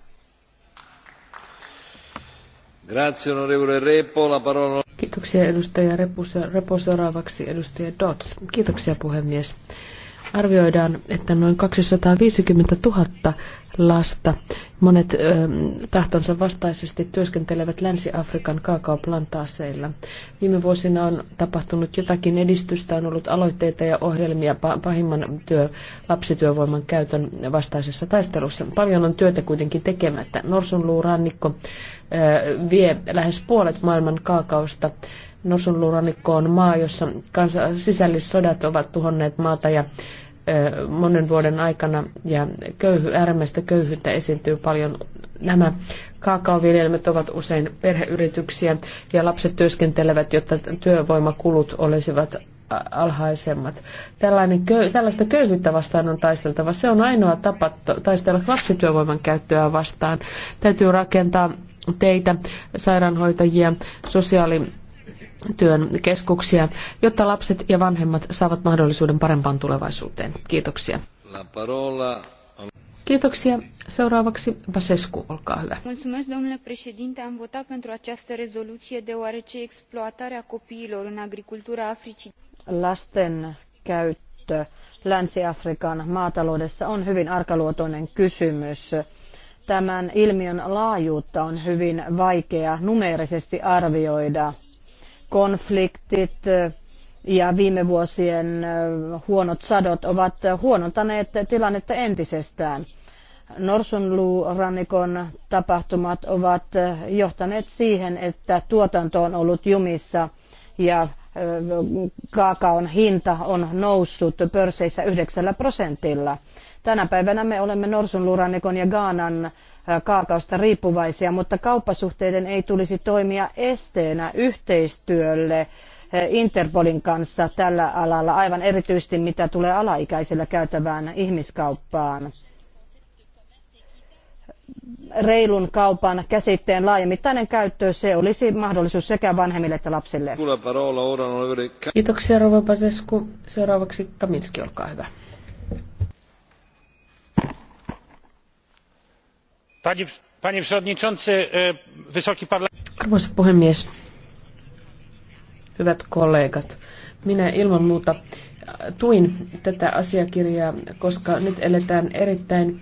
Kiitoksia edustaja Repo, Repo seuraavaksi edustaja Dots. Kiitoksia puhemies. Arvioidaan, että noin 250 000 lasta. Monet ö, tahtonsa vastaisesti työskentelevät Länsi-Afrikan kaakaoplantaaseilla. Viime vuosina on tapahtunut jotakin edistystä, on ollut aloitteita ja ohjelmia pahimman työ, lapsityövoiman käytön vastaisessa taistelussa. Paljon on työtä kuitenkin tekemättä. Norsunluurannikko ö, vie lähes puolet maailman kaakaosta. Norsunluurannikko on maa, jossa kansa- sisällissodat ovat tuhonneet maata ja monen vuoden aikana ja köyhy, äärimmäistä köyhyyttä esiintyy paljon. Nämä kaakaoviljelmät ovat usein perheyrityksiä ja lapset työskentelevät, jotta työvoimakulut olisivat alhaisemmat. Tällainen köy, tällaista köyhyyttä vastaan on taisteltava. Se on ainoa tapa taistella lapsityövoiman käyttöä vastaan. Täytyy rakentaa teitä, sairaanhoitajia, sosiaali- työn keskuksia, jotta lapset ja vanhemmat saavat mahdollisuuden parempaan tulevaisuuteen. Kiitoksia. Kiitoksia. Seuraavaksi Basescu, olkaa hyvä. Mulțumesc, domnule președinte. Am votat pentru această rezoluție deoarece exploatarea copiilor în agricultura Africii. Lasten käyttö Länsi-Afrikan maataloudessa on hyvin arkaluotoinen kysymys. Tämän ilmiön laajuutta on hyvin vaikea numeerisesti arvioida – konfliktit ja viime vuosien huonot sadot ovat huonontaneet tilannetta entisestään. Norsunluurannikon tapahtumat ovat johtaneet siihen, että tuotanto on ollut jumissa ja kaakaon hinta on noussut pörsseissä 9 prosentilla. Tänä päivänä me olemme Norsunluurannikon ja Gaanan kaakaosta riippuvaisia, mutta kauppasuhteiden ei tulisi toimia esteenä yhteistyölle Interpolin kanssa tällä alalla, aivan erityisesti mitä tulee alaikäisillä käytävään ihmiskauppaan reilun kaupan käsitteen laajemmittainen käyttö, se olisi mahdollisuus sekä vanhemmille että lapsille. Kiitoksia Rova Pasescu. Seuraavaksi Kaminski, olkaa hyvä. E, Arvoisa puhemies, hyvät kollegat, minä ilman muuta e, tuin tätä asiakirjaa, koska nyt eletään erittäin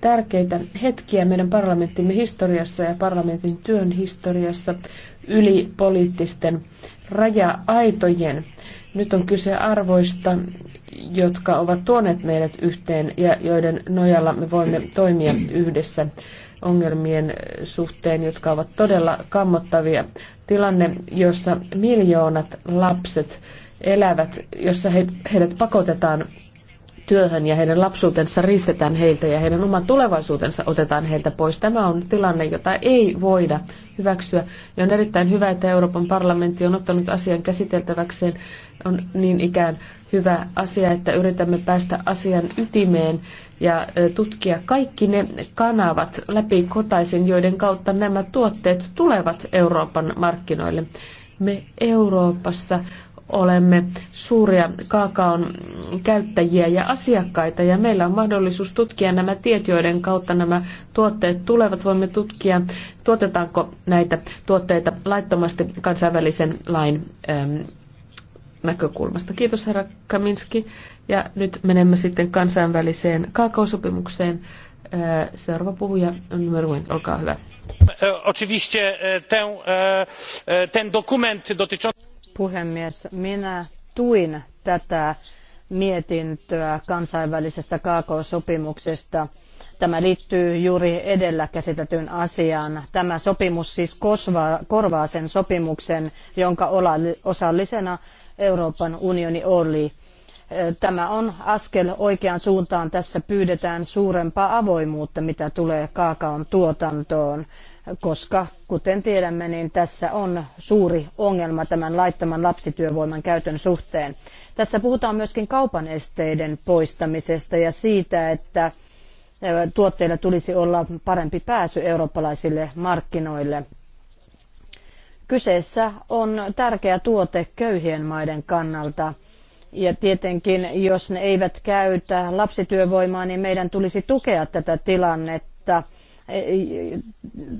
tärkeitä hetkiä meidän parlamenttimme historiassa ja parlamentin työn historiassa yli poliittisten raja-aitojen. Nyt on kyse arvoista, jotka ovat tuoneet meidät yhteen ja joiden nojalla me voimme toimia yhdessä ongelmien suhteen, jotka ovat todella kammottavia. Tilanne, jossa miljoonat lapset elävät, jossa he, heidät pakotetaan työhön ja heidän lapsuutensa riistetään heiltä ja heidän oman tulevaisuutensa otetaan heiltä pois. Tämä on tilanne, jota ei voida hyväksyä. Ja on erittäin hyvä, että Euroopan parlamentti on ottanut asian käsiteltäväkseen. On niin ikään hyvä asia, että yritämme päästä asian ytimeen ja tutkia kaikki ne kanavat läpi kotaisin, joiden kautta nämä tuotteet tulevat Euroopan markkinoille. Me Euroopassa olemme suuria kaakaon käyttäjiä ja asiakkaita ja meillä on mahdollisuus tutkia nämä tiet, joiden kautta nämä tuotteet tulevat. Voimme tutkia, tuotetaanko näitä tuotteita laittomasti kansainvälisen lain näkökulmasta. Kiitos herra Kaminski. Ja nyt menemme sitten kansainväliseen kaakaosopimukseen. Seuraava puhuja on Merwin, olkaa hyvä. E, oczywiście e, ten, e, ten dokument Puhemies, minä tuin tätä mietintöä kansainvälisestä kaakaosopimuksesta. Tämä liittyy juuri edellä käsitetyn asiaan. Tämä sopimus siis korvaa sen sopimuksen, jonka osallisena Euroopan unioni oli. Tämä on askel oikeaan suuntaan. Tässä pyydetään suurempaa avoimuutta, mitä tulee kaakaon tuotantoon, koska kuten tiedämme, niin tässä on suuri ongelma tämän laittoman lapsityövoiman käytön suhteen. Tässä puhutaan myöskin kaupan esteiden poistamisesta ja siitä, että tuotteilla tulisi olla parempi pääsy eurooppalaisille markkinoille – Kyseessä on tärkeä tuote köyhien maiden kannalta. Ja tietenkin, jos ne eivät käytä lapsityövoimaa, niin meidän tulisi tukea tätä tilannetta e, e,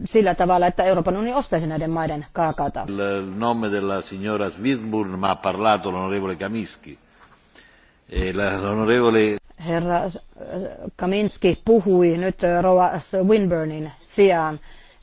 sillä tavalla, että Euroopan unioni ostaisi näiden maiden kaakaota. Il nome della signora Swisburn, ma ha parlato l'onorevole Kaminski. E l'onorevole... Herra Kaminski puhui nyt Roa Winburnin sijaan.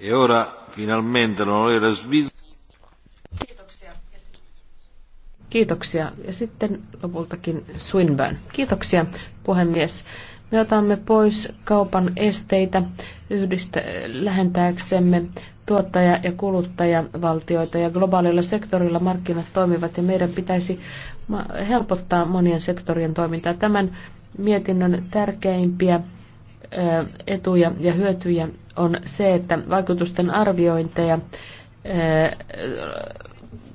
E ora finalmente l'onorevole Svizzera. Kiitoksia. Kiitoksia. Ja sitten lopultakin Swinburne. Kiitoksia, puhemies. Me otamme pois kaupan esteitä yhdistä, lähentääksemme tuottaja- ja kuluttajavaltioita ja globaalilla sektorilla markkinat toimivat ja meidän pitäisi helpottaa monien sektorien toimintaa. Tämän mietinnön tärkeimpiä etuja ja hyötyjä on se, että vaikutusten arviointeja eh,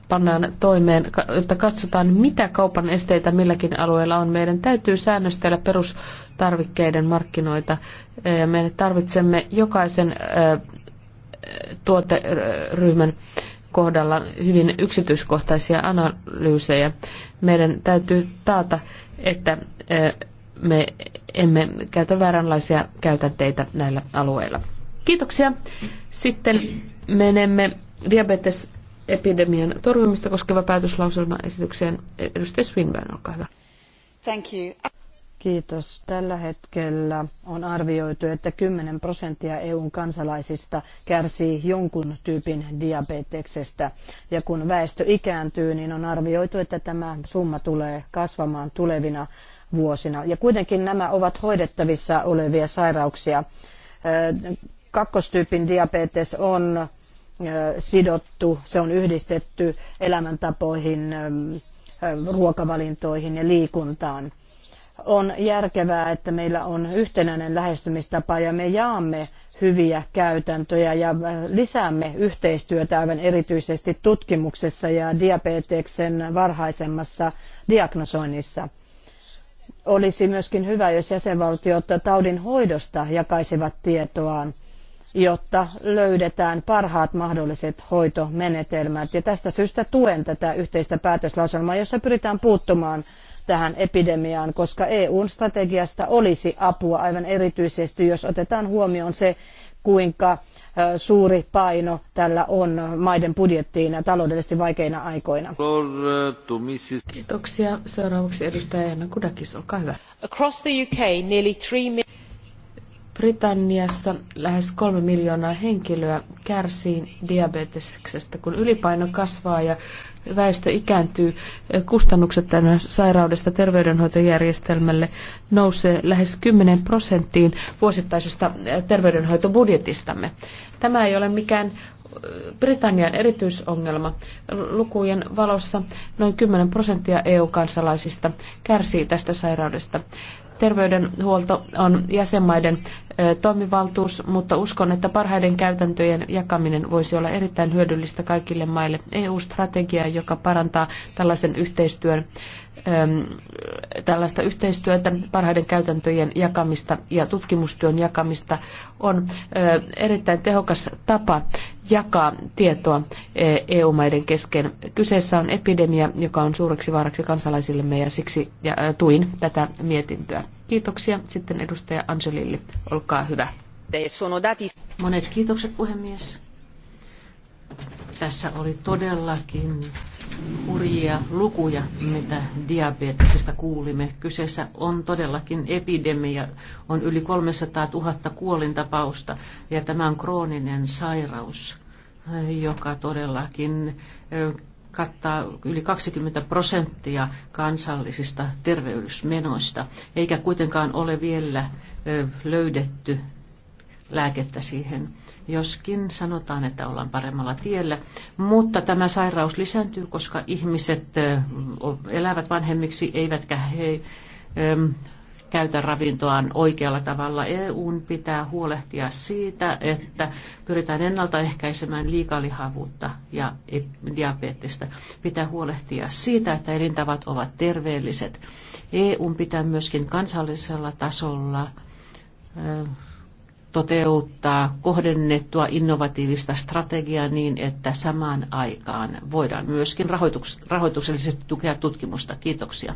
pannaan toimeen, jotta katsotaan, mitä kaupan esteitä milläkin alueella on. Meidän täytyy säännöstellä perustarvikkeiden markkinoita. Eh, me tarvitsemme jokaisen eh, tuoteryhmän kohdalla hyvin yksityiskohtaisia analyysejä. Meidän täytyy taata, että me emme käytä vääränlaisia käytänteitä näillä alueilla. Kiitoksia. Sitten menemme diabetesepidemian torjumista koskeva päätöslauselma esitykseen. Edustaja Swinburne, olkaa hyvä. Thank you. Kiitos. Tällä hetkellä on arvioitu, että 10 prosenttia EUn kansalaisista kärsii jonkun tyypin diabeteksestä. Ja kun väestö ikääntyy, niin on arvioitu, että tämä summa tulee kasvamaan tulevina vuosina. Ja kuitenkin nämä ovat hoidettavissa olevia sairauksia kakkostyypin diabetes on sidottu, se on yhdistetty elämäntapoihin, ruokavalintoihin ja liikuntaan. On järkevää, että meillä on yhtenäinen lähestymistapa ja me jaamme hyviä käytäntöjä ja lisäämme yhteistyötä aivan erityisesti tutkimuksessa ja diabeteksen varhaisemmassa diagnosoinnissa olisi myöskin hyvä, jos jäsenvaltiot taudin hoidosta jakaisivat tietoaan jotta löydetään parhaat mahdolliset hoitomenetelmät. Ja tästä syystä tuen tätä yhteistä päätöslauselmaa, jossa pyritään puuttumaan tähän epidemiaan, koska EUn strategiasta olisi apua aivan erityisesti, jos otetaan huomioon se, kuinka suuri paino tällä on maiden budjettiin taloudellisesti vaikeina aikoina. Kiitoksia. Seuraavaksi edustaja Anna Kudakis, olkaa hyvä. Across the UK, nearly three... Britanniassa lähes kolme miljoonaa henkilöä kärsii diabeteksesta, kun ylipaino kasvaa ja väestö ikääntyy. Kustannukset tämän sairaudesta terveydenhoitojärjestelmälle nousee lähes 10 prosenttiin vuosittaisesta terveydenhoitobudjetistamme. Tämä ei ole mikään Britannian erityisongelma. Lukujen valossa noin 10 prosenttia EU-kansalaisista kärsii tästä sairaudesta. Terveydenhuolto on jäsenmaiden toimivaltuus, mutta uskon, että parhaiden käytäntöjen jakaminen voisi olla erittäin hyödyllistä kaikille maille. EU-strategia, joka parantaa tällaisen yhteistyön tällaista yhteistyötä, parhaiden käytäntöjen jakamista ja tutkimustyön jakamista on erittäin tehokas tapa jakaa tietoa e, EU-maiden kesken. Kyseessä on epidemia, joka on suureksi vaaraksi kansalaisillemme ja siksi ja, e, tuin tätä mietintöä. Kiitoksia. Sitten edustaja Angelilli, olkaa hyvä. Monet kiitokset puhemies. Tässä oli todellakin hurjia lukuja, mitä diabetesista kuulimme. Kyseessä on todellakin epidemia, on yli 300 000 kuolintapausta ja tämä on krooninen sairaus joka todellakin kattaa yli 20 prosenttia kansallisista terveysmenoista, eikä kuitenkaan ole vielä löydetty lääkettä siihen. Joskin sanotaan, että ollaan paremmalla tiellä, mutta tämä sairaus lisääntyy, koska ihmiset elävät vanhemmiksi, eivätkä he käytä ravintoaan oikealla tavalla. EUn pitää huolehtia siitä, että pyritään ennaltaehkäisemään liikalihavuutta ja e- diabetista. Pitää huolehtia siitä, että elintavat ovat terveelliset. EUn pitää myöskin kansallisella tasolla toteuttaa kohdennettua innovatiivista strategiaa niin, että samaan aikaan voidaan myöskin rahoituksellisesti tukea tutkimusta. Kiitoksia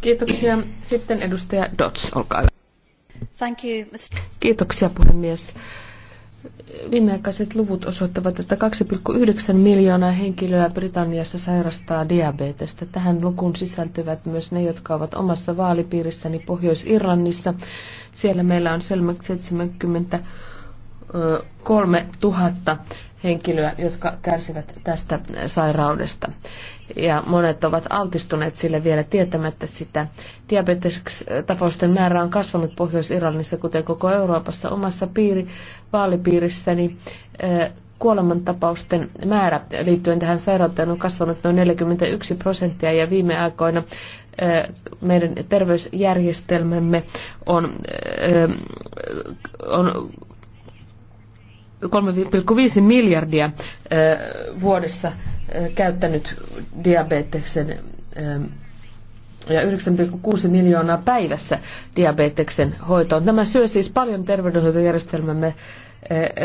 Kiitoksia. Sitten edustaja Dots, olkaa hyvä. Thank you. Kiitoksia puhemies. Viimeaikaiset luvut osoittavat, että 2,9 miljoonaa henkilöä Britanniassa sairastaa diabetesta. Tähän lukuun sisältyvät myös ne, jotka ovat omassa vaalipiirissäni Pohjois-Irlannissa. Siellä meillä on 73 000 henkilöä, jotka kärsivät tästä sairaudesta ja monet ovat altistuneet sille vielä tietämättä sitä. tapausten määrä on kasvanut Pohjois-Irlannissa, kuten koko Euroopassa omassa piiri, vaalipiirissäni. Kuolemantapausten määrä liittyen tähän sairauteen on kasvanut noin 41 prosenttia ja viime aikoina meidän terveysjärjestelmämme on, on 3,5 miljardia vuodessa käyttänyt diabeteksen ja 9,6 miljoonaa päivässä diabeteksen hoitoon. Tämä syö siis paljon terveydenhoitojärjestelmämme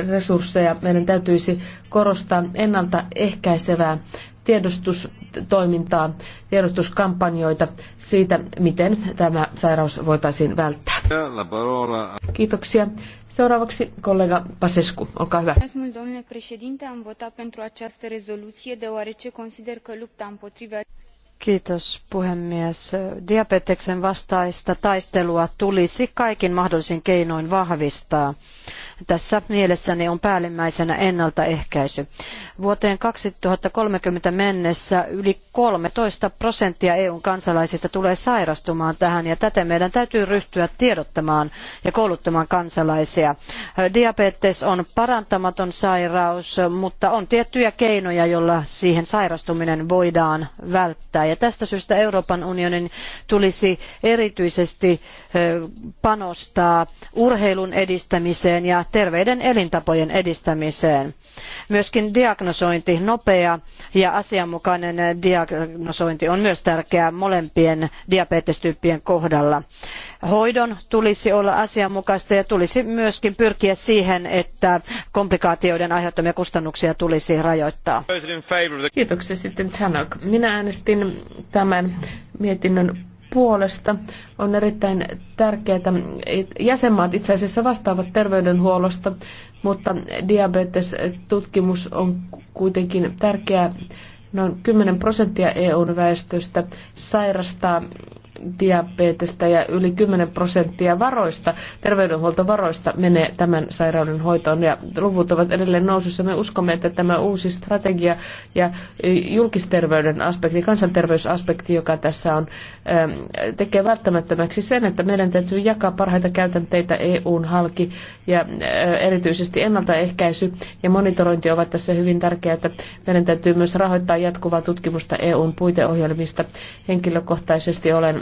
resursseja. Meidän täytyisi korostaa ennaltaehkäisevää tiedostustoimintaa tiedotuskampanjoita siitä, miten tämä sairaus voitaisiin välttää. Kiitoksia. Seuraavaksi kollega Pasescu, olkaa hyvä. Kiitos puhemies. Diabeteksen vastaista taistelua tulisi kaikin mahdollisin keinoin vahvistaa. Tässä mielessäni on päällimmäisenä ennaltaehkäisy. Vuoteen 2030 mennessä yli 13 prosenttia EUn kansalaisista tulee sairastumaan tähän ja täten meidän täytyy ryhtyä tiedottamaan ja kouluttamaan kansalaisia. Diabetes on parantamaton sairaus, mutta on tiettyjä keinoja, joilla siihen sairastuminen voidaan välttää. Ja tästä syystä Euroopan unionin tulisi erityisesti panostaa urheilun edistämiseen ja terveiden elintapojen edistämiseen. Myöskin diagnosointi, nopea ja asianmukainen diagnosointi on myös tärkeää molempien diabetestyyppien kohdalla. Hoidon tulisi olla asianmukaista ja tulisi myöskin pyrkiä siihen, että komplikaatioiden aiheuttamia kustannuksia tulisi rajoittaa. Kiitoksia sitten Chanok. Minä äänestin tämän mietinnön puolesta. On erittäin tärkeää, jäsenmaat itse asiassa vastaavat terveydenhuollosta, mutta diabetes tutkimus on kuitenkin tärkeää. Noin 10 prosenttia eu väestöstä sairastaa diabetesta ja yli 10 prosenttia varoista, terveydenhuoltovaroista menee tämän sairauden hoitoon ja luvut ovat edelleen nousussa. Me uskomme, että tämä uusi strategia ja julkisterveyden aspekti, kansanterveysaspekti, joka tässä on, ähm, tekee välttämättömäksi sen, että meidän täytyy jakaa parhaita käytänteitä EUn halki ja äh, erityisesti ennaltaehkäisy ja monitorointi ovat tässä hyvin tärkeää, että meidän täytyy myös rahoittaa jatkuvaa tutkimusta EUn puiteohjelmista. Henkilökohtaisesti olen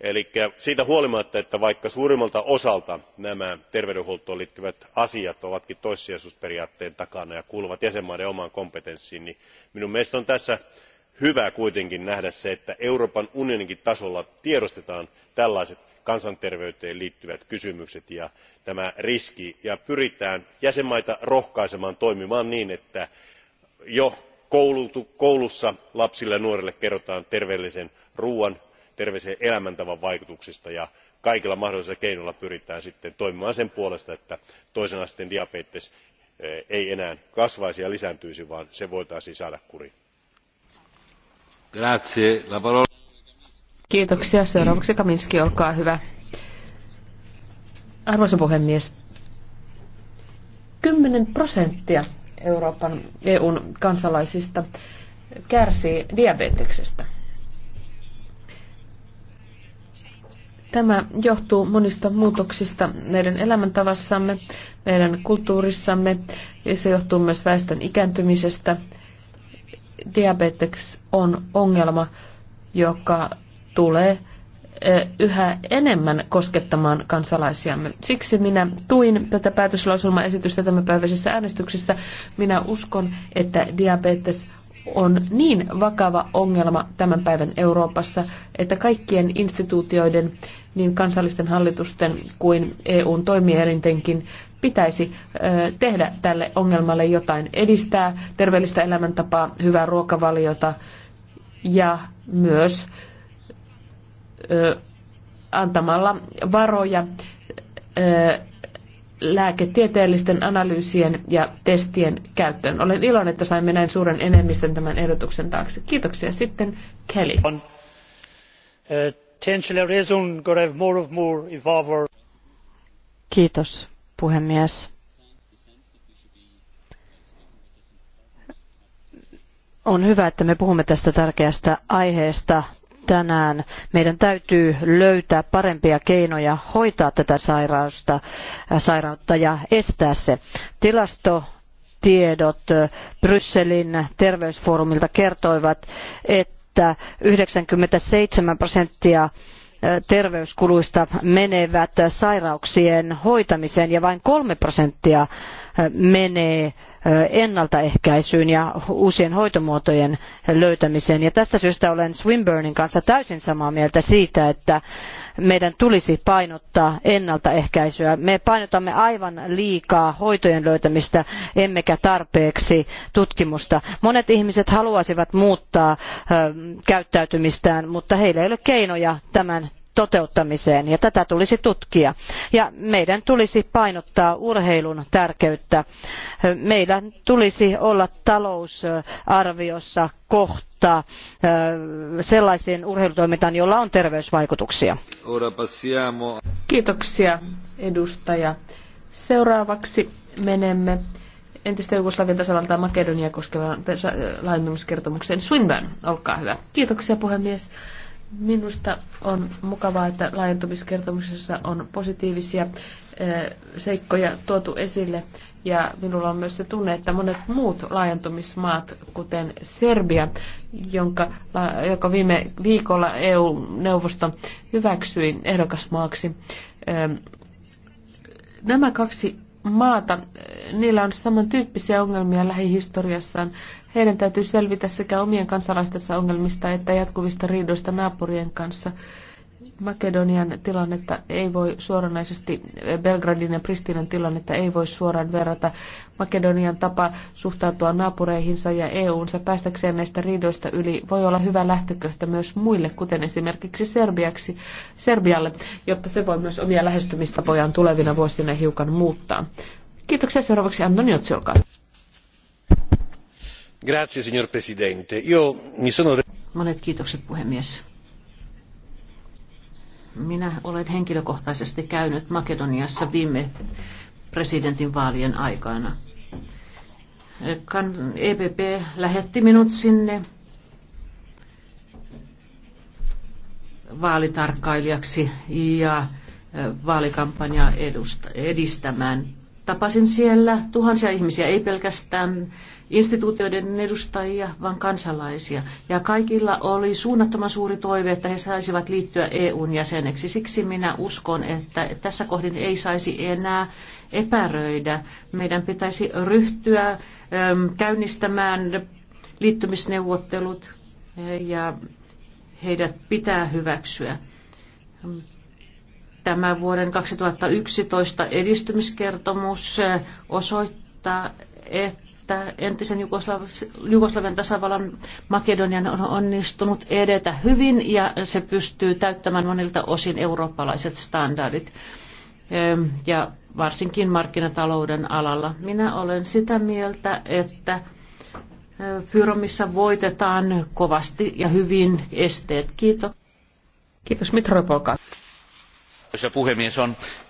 eli siitä huolimatta että suurimmalta osalta nämä terveydenhuoltoon liittyvät asiat ovatkin toissijaisuusperiaatteen takana ja kuuluvat jäsenvaltioiden omaan kompetenssiin niin minun mielestäni on tässä hyvä kuitenkin nähdä se että euroopan unioninkin tasolla tiedostetaan tällaiset kansanterveyteen liittyvät kysymykset ja tämä riski ja pyritään jäsenvaltioita rohkaisemaan toimimaan niin että jo koulussa lapsille ja nuorille kerrotaan terveellisen ruoan terveeseen elämäntavan vaikutuksista ja kaikilla mahdollisilla keinoilla pyritään sitten toimimaan sen puolesta että toisen asteen diabetes eh, ei enää kasvaisi ja lisääntyisi vaan se voitaisiin saada kuriin. Kiitoksia. hyvä. Arvoisa puhemies, kymmenen prosenttia Euroopan EUn kansalaisista kärsii diabeteksestä. Tämä johtuu monista muutoksista meidän elämäntavassamme, meidän kulttuurissamme ja se johtuu myös väestön ikääntymisestä. Diabetes on ongelma, joka tulee e, yhä enemmän koskettamaan kansalaisiamme. Siksi minä tuin tätä päätöslauselmaesitystä tämänpäiväisessä äänestyksessä. Minä uskon, että diabetes on niin vakava ongelma tämän päivän Euroopassa, että kaikkien instituutioiden, niin kansallisten hallitusten kuin EUn toimielintenkin, pitäisi tehdä tälle ongelmalle jotain, edistää terveellistä elämäntapaa, hyvää ruokavaliota ja myös antamalla varoja lääketieteellisten analyysien ja testien käyttöön. Olen iloinen, että saimme näin suuren enemmistön tämän ehdotuksen taakse. Kiitoksia sitten Kelly. Eh, Kiitos puhemies. On hyvä, että me puhumme tästä tärkeästä aiheesta tänään. Meidän täytyy löytää parempia keinoja hoitaa tätä sairausta, äh, sairautta ja estää se. Tilasto tiedot äh, Brysselin terveysfoorumilta kertoivat, että 97 prosenttia äh, terveyskuluista menevät sairauksien hoitamiseen ja vain kolme prosenttia menee ennaltaehkäisyyn ja uusien hoitomuotojen löytämiseen. Ja tästä syystä olen Swinburnin kanssa täysin samaa mieltä siitä, että meidän tulisi painottaa ennaltaehkäisyä. Me painotamme aivan liikaa hoitojen löytämistä, emmekä tarpeeksi tutkimusta. Monet ihmiset haluaisivat muuttaa käyttäytymistään, mutta heillä ei ole keinoja tämän toteuttamiseen ja tätä tulisi tutkia. Ja meidän tulisi painottaa urheilun tärkeyttä. Meillä tulisi olla talousarviossa kohta sellaiseen urheilutoimintaan, jolla on terveysvaikutuksia. Kiitoksia edustaja. Seuraavaksi menemme entistä Jugoslavian tasavaltaa Makedonia koskevan laajentumiskertomukseen. Swinburne, olkaa hyvä. Kiitoksia puhemies. Minusta on mukavaa, että laajentumiskertomuksessa on positiivisia seikkoja tuotu esille ja minulla on myös se tunne, että monet muut laajentumismaat, kuten Serbia, jonka, joka viime viikolla EU-neuvosto hyväksyi ehdokasmaaksi, nämä kaksi maata, niillä on samantyyppisiä ongelmia lähihistoriassaan heidän täytyy selvitä sekä omien kansalaistensa ongelmista että jatkuvista riidoista naapurien kanssa. Makedonian tilannetta ei voi suoranaisesti, Belgradin ja Pristinan tilannetta ei voi suoraan verrata. Makedonian tapa suhtautua naapureihinsa ja EUnsa päästäkseen näistä riidoista yli voi olla hyvä lähtökohta myös muille, kuten esimerkiksi Serbiaksi, Serbialle, jotta se voi myös omia lähestymistapojaan tulevina vuosina hiukan muuttaa. Kiitoksia seuraavaksi Antoni Otsiolkaan. Grazie, Presidente. Monet kiitokset, puhemies. Minä olen henkilökohtaisesti käynyt Makedoniassa viime presidentinvaalien aikana. EPP lähetti minut sinne vaalitarkkailijaksi ja vaalikampanjaa edistämään. Tapasin siellä tuhansia ihmisiä, ei pelkästään instituutioiden edustajia, vaan kansalaisia. Ja kaikilla oli suunnattoman suuri toive, että he saisivat liittyä EUn jäseneksi. Siksi minä uskon, että tässä kohdin ei saisi enää epäröidä. Meidän pitäisi ryhtyä käynnistämään liittymisneuvottelut ja heidät pitää hyväksyä. Tämä vuoden 2011 edistymiskertomus eh, osoittaa, että entisen Jugoslavian tasavallan Makedonian on onnistunut edetä hyvin ja se pystyy täyttämään monilta osin eurooppalaiset standardit eh, ja varsinkin markkinatalouden alalla. Minä olen sitä mieltä, että eh, Fyromissa voitetaan kovasti ja hyvin esteet. Kiitos. Kiitos Mitro arvoisa puhemies on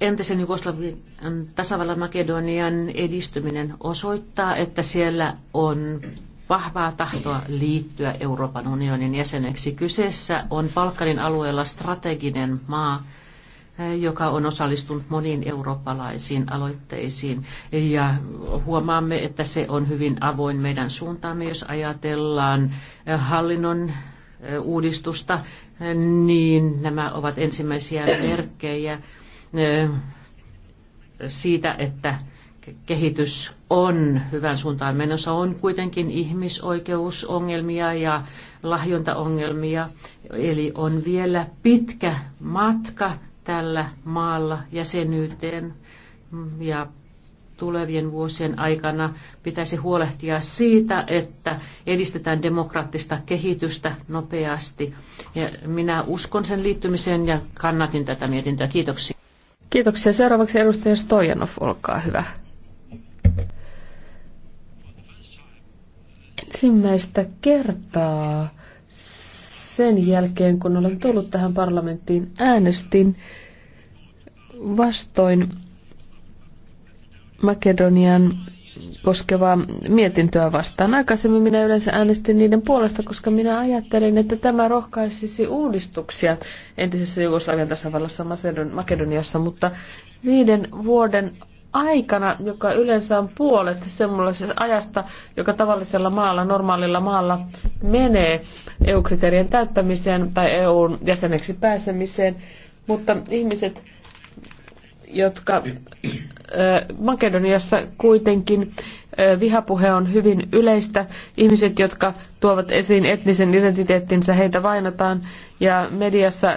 entisen Jugoslavian mm, tasavallan Makedonian edistyminen osoittaa, että siellä on vahvaa tahtoa liittyä Euroopan unionin jäseneksi. Kyseessä on Balkanin alueella strateginen maa, eh, joka on osallistunut moniin eurooppalaisiin aloitteisiin. Ja huomaamme, että se on hyvin avoin meidän suuntaamme, jos ajatellaan eh, hallinnon eh, uudistusta, niin nämä ovat ensimmäisiä merkkejä siitä, että kehitys on hyvän suuntaan menossa, on kuitenkin ihmisoikeusongelmia ja lahjontaongelmia, eli on vielä pitkä matka tällä maalla jäsenyyteen ja tulevien vuosien aikana pitäisi huolehtia siitä, että edistetään demokraattista kehitystä nopeasti. Ja minä uskon sen liittymiseen ja kannatin tätä mietintöä. Kiitoksia. Kiitoksia. Seuraavaksi edustaja Stojanov, olkaa hyvä. Ensimmäistä kertaa sen jälkeen, kun olen tullut tähän parlamenttiin, äänestin vastoin Makedonian koskevaa mietintöä vastaan. Aikaisemmin minä yleensä äänestin niiden puolesta, koska minä ajattelin, että tämä rohkaisisi uudistuksia entisessä Jugoslavian tasavallassa Makedoniassa, mutta viiden vuoden aikana, joka yleensä on puolet semmoisesta ajasta, joka tavallisella maalla, normaalilla maalla menee EU-kriteerien täyttämiseen tai EUn jäseneksi pääsemiseen, mutta ihmiset, jotka Makedoniassa kuitenkin Vihapuhe on hyvin yleistä. Ihmiset, jotka tuovat esiin etnisen identiteettinsä, heitä vainotaan ja mediassa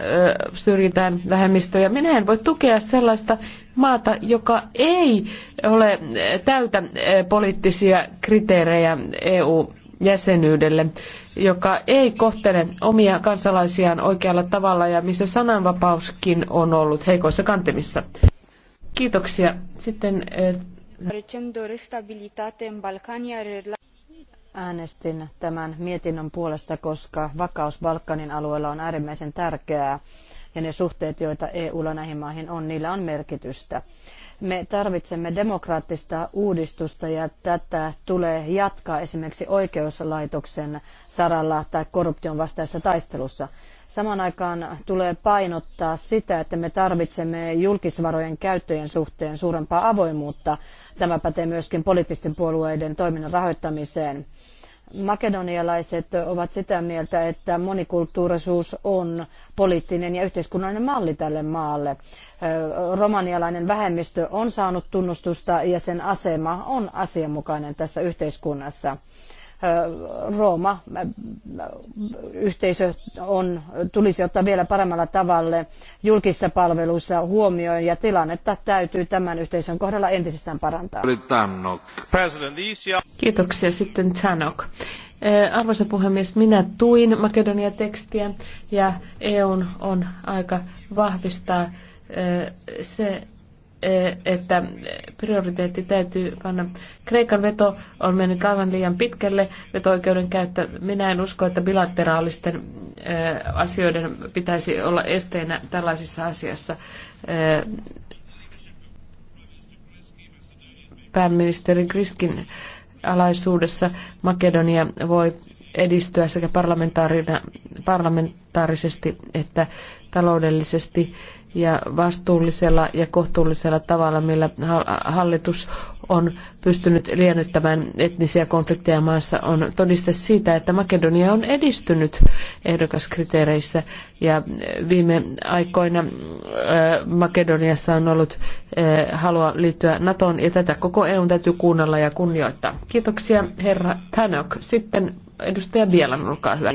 syrjitään vähemmistöjä. Minä en voi tukea sellaista maata, joka ei ole täytä poliittisia kriteerejä EU-jäsenyydelle joka ei kohtele omia kansalaisiaan oikealla tavalla ja missä sananvapauskin on ollut heikoissa kantimissa. Kiitoksia. Sitten Recent doresc stabilitate în Balcani, Äänestin tämän mietinnön puolesta, koska vakaus Balkanin alueella on äärimmäisen tärkeää ja ne suhteet, joita EUlla näihin maihin on, niillä on merkitystä. Me tarvitsemme demokraattista uudistusta ja tätä tulee jatkaa esimerkiksi oikeuslaitoksen saralla tai korruption vastaisessa taistelussa. Samaan aikaan tulee painottaa sitä, että me tarvitsemme julkisvarojen käyttöjen suhteen suurempaa avoimuutta. Tämä pätee myöskin poliittisten puolueiden toiminnan rahoittamiseen makedonialaiset ovat sitä mieltä, että monikulttuurisuus on poliittinen ja yhteiskunnallinen malli tälle maalle. Romanialainen vähemmistö on saanut tunnustusta ja sen asema on asianmukainen tässä yhteiskunnassa. Rooma-yhteisö on, tulisi ottaa vielä paremmalla tavalla julkisissa palveluissa huomioon ja tilannetta täytyy tämän yhteisön kohdalla entisestään parantaa. Kiitoksia sitten Tanok. Arvoisa puhemies, minä tuin Makedonia-tekstiä ja EUn on aika vahvistaa se E, että prioriteetti täytyy panna. Kreikan veto on mennyt aivan liian pitkälle veto-oikeuden käyttö. Minä en usko, että bilateraalisten e, asioiden pitäisi olla esteenä tällaisissa asiassa. E, pääministeri Kriskin alaisuudessa Makedonia voi edistyä sekä parlamentaarisesti että taloudellisesti ja vastuullisella ja kohtuullisella tavalla, millä hallitus on pystynyt liennyttämään etnisiä konflikteja maassa, on todiste siitä, että Makedonia on edistynyt ehdokaskriteereissä. Ja eh, viime aikoina eh, Makedoniassa on ollut eh, halua liittyä NATOon, ja tätä koko EU täytyy kuunnella ja kunnioittaa. Kiitoksia, herra Tanok. Sitten edustaja Bielan, olkaa hyvä.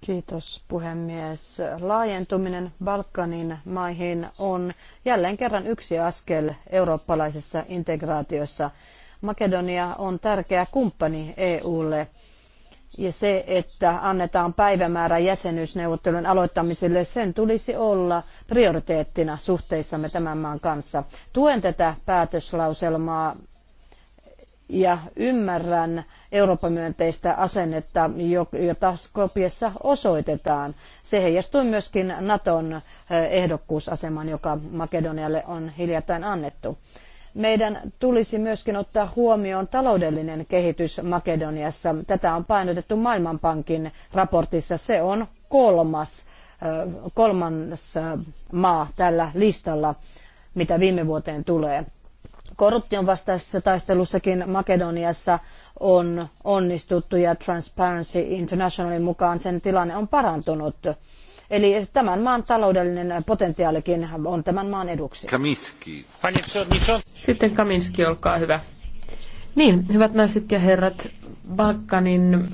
Kiitos puhemies. Laajentuminen Balkanin maihin on jälleen kerran yksi askel eurooppalaisessa integraatiossa. Makedonia on tärkeä kumppani EUlle ja se, että annetaan päivämäärä jäsenyysneuvottelun aloittamiselle, sen tulisi olla prioriteettina suhteissamme tämän maan kanssa. Tuen tätä päätöslauselmaa ja ymmärrän, Eurooppa-myönteistä asennetta, jota Skopiessa osoitetaan. Se heijastui myöskin Naton eh, ehdokkuusasemaan, joka Makedonialle on hiljattain annettu. Meidän tulisi myöskin ottaa huomioon taloudellinen kehitys Makedoniassa. Tätä on painotettu Maailmanpankin raportissa. Se on kolmas, eh, kolmas eh, maa tällä listalla, mitä viime vuoteen tulee korruption vastaisessa taistelussakin Makedoniassa on onnistuttu ja Transparency Internationalin mukaan sen tilanne on parantunut. Eli tämän maan taloudellinen potentiaalikin on tämän maan eduksi. Kaminski. Sitten Kaminski, olkaa hyvä. Niin, hyvät naiset ja herrat, Balkanin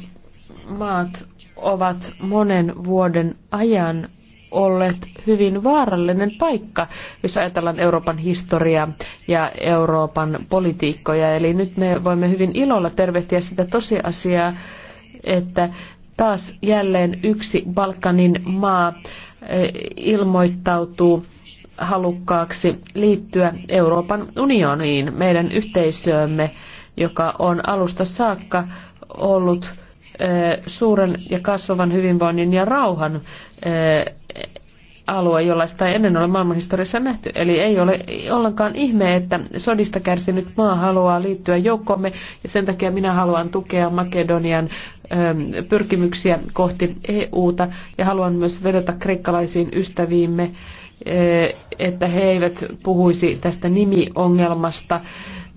maat ovat monen vuoden ajan olleet hyvin vaarallinen paikka, jos ajatellaan Euroopan historiaa ja Euroopan politiikkoja. Eli nyt me voimme hyvin ilolla tervehtiä sitä tosiasiaa, että taas jälleen yksi Balkanin maa eh, ilmoittautuu halukkaaksi liittyä Euroopan unioniin, meidän yhteisöömme, joka on alusta saakka ollut eh, suuren ja kasvavan hyvinvoinnin ja rauhan eh, alue, jollaista ei ennen ole maailmanhistoriassa nähty. Eli ei ole ollenkaan ihme, että sodista kärsinyt maa haluaa liittyä joukkomme ja sen takia minä haluan tukea Makedonian ö, ähm, pyrkimyksiä kohti EUta ja haluan myös vedota kreikkalaisiin ystäviimme, ö, äh, että he eivät puhuisi tästä nimiongelmasta. ongelmasta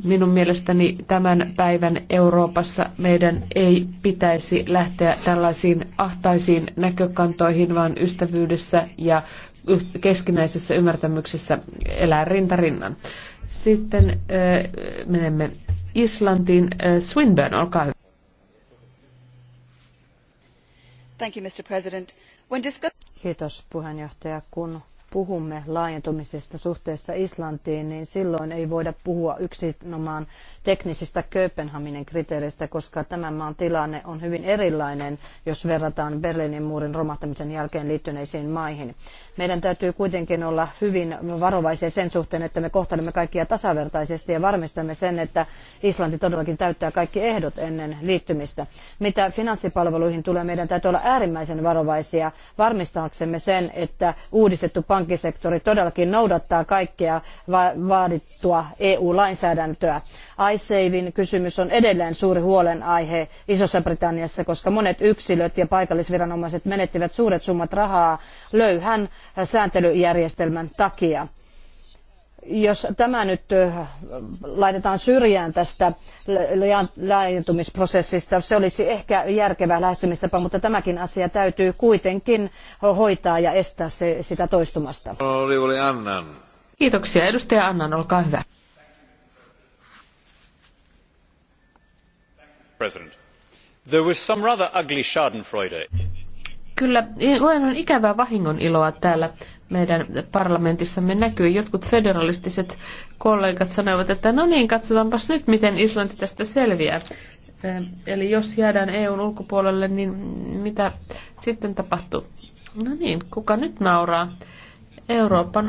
Minun mielestäni tämän päivän Euroopassa meidän ei pitäisi lähteä tällaisiin ahtaisiin näkökantoihin, vaan ystävyydessä ja keskinäisessä ymmärtämyksessä elää rintarinnan. Sitten äh, menemme Islantiin. Äh, Swinburne, olkaa hyvä. Thank you, Mr. President. When discuss- Kiitos puheenjohtaja. Kun puhumme laajentumisesta suhteessa Islantiin, niin silloin ei voida puhua yksinomaan teknisistä Kööpenhaminen kriteereistä, koska tämän maan tilanne on hyvin erilainen, jos verrataan Berliinin muurin romahtamisen jälkeen liittyneisiin maihin. Meidän täytyy kuitenkin olla hyvin varovaisia sen suhteen, että me kohtelemme kaikkia tasavertaisesti ja varmistamme sen, että Islanti todellakin täyttää kaikki ehdot ennen liittymistä. Mitä finanssipalveluihin tulee, meidän täytyy olla äärimmäisen varovaisia varmistaaksemme sen, että uudistettu pankki pankkisektori todellakin noudattaa kaikkea vaadittua EU-lainsäädäntöä. iSavin kysymys on edelleen suuri huolenaihe Isossa Britanniassa, koska monet yksilöt ja paikallisviranomaiset menettivät suuret summat rahaa löyhän sääntelyjärjestelmän takia jos tämä nyt laitetaan syrjään tästä laajentumisprosessista, se olisi ehkä järkevä lähestymistapa, mutta tämäkin asia täytyy kuitenkin hoitaa ja estää se, sitä toistumasta. Oli, oli Annan. Kiitoksia. Edustaja Annan, olkaa hyvä. President. There was some rather ugly schadenfreude. Kyllä, olen ikävää vahingon iloa täällä meidän parlamentissamme näkyy. Jotkut federalistiset kollegat sanoivat, että no niin, katsotaanpas nyt, miten Islanti tästä selviää. Ehm, eli jos jäädään EUn ulkopuolelle, niin mitä sitten tapahtuu? No niin, kuka nyt nauraa? Euroopan,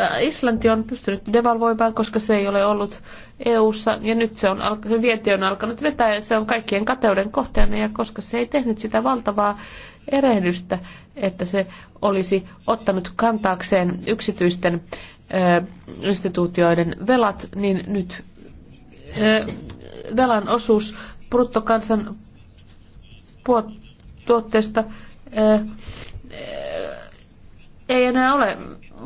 äh, Islanti on pystynyt devalvoimaan, koska se ei ole ollut EUssa ja nyt se on, vienti on alkanut vetää ja se on kaikkien kateuden kohteena ja koska se ei tehnyt sitä valtavaa erehdystä, että se olisi ottanut kantaakseen yksityisten ö, instituutioiden velat, niin nyt ö, velan osuus bruttokansan tuotteesta ö, ei enää ole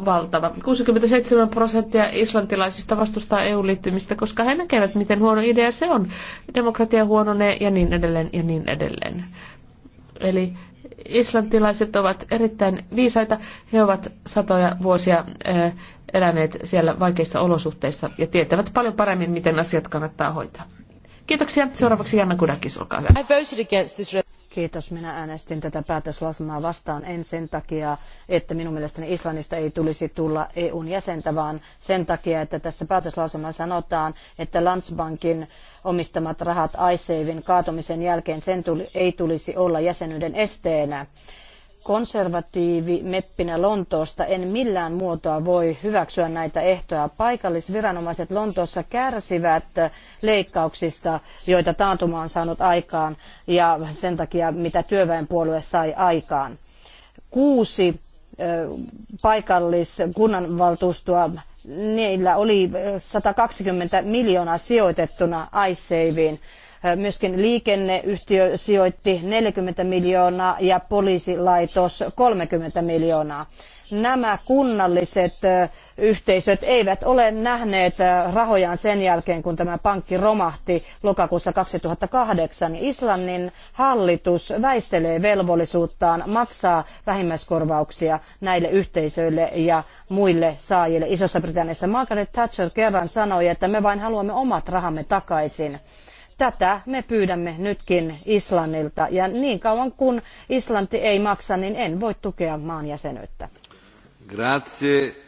valtava. 67 prosenttia islantilaisista vastustaa EU-liittymistä, koska he näkevät, miten huono idea se on. Demokratia huononee ja niin edelleen ja niin edelleen. Eli Islantilaiset ovat erittäin viisaita. He ovat satoja vuosia eläneet siellä vaikeissa olosuhteissa ja tietävät paljon paremmin, miten asiat kannattaa hoitaa. Kiitoksia. Seuraavaksi Janna Kudakis, olkaa hyvä. Kiitos. Minä äänestin tätä päätöslausumaa vastaan en sen takia, että minun mielestäni Islannista ei tulisi tulla EUn jäsentä, vaan sen takia, että tässä päätöslausumassa sanotaan, että Landsbankin omistamat rahat ISAVin kaatumisen jälkeen, sen tuli, ei tulisi olla jäsenyyden esteenä. Konservatiivi meppinä Lontoosta en millään muotoa voi hyväksyä näitä ehtoja. Paikallisviranomaiset Lontoossa kärsivät leikkauksista, joita taantuma on saanut aikaan ja sen takia mitä työväenpuolue sai aikaan. Kuusi paikallis kunnanvaltuustoa niillä oli 120 miljoonaa sijoitettuna iSaveen. Myöskin liikenneyhtiö sijoitti 40 miljoonaa ja poliisilaitos 30 miljoonaa. Nämä kunnalliset yhteisöt eivät ole nähneet äh, rahojaan sen jälkeen, kun tämä pankki romahti lokakuussa 2008. Islannin hallitus väistelee velvollisuuttaan maksaa vähimmäiskorvauksia näille yhteisöille ja muille saajille. Isossa Britanniassa Margaret Thatcher kerran sanoi, että me vain haluamme omat rahamme takaisin. Tätä me pyydämme nytkin Islannilta ja niin kauan kun Islanti ei maksa, niin en voi tukea maan jäsenyyttä. Grazie.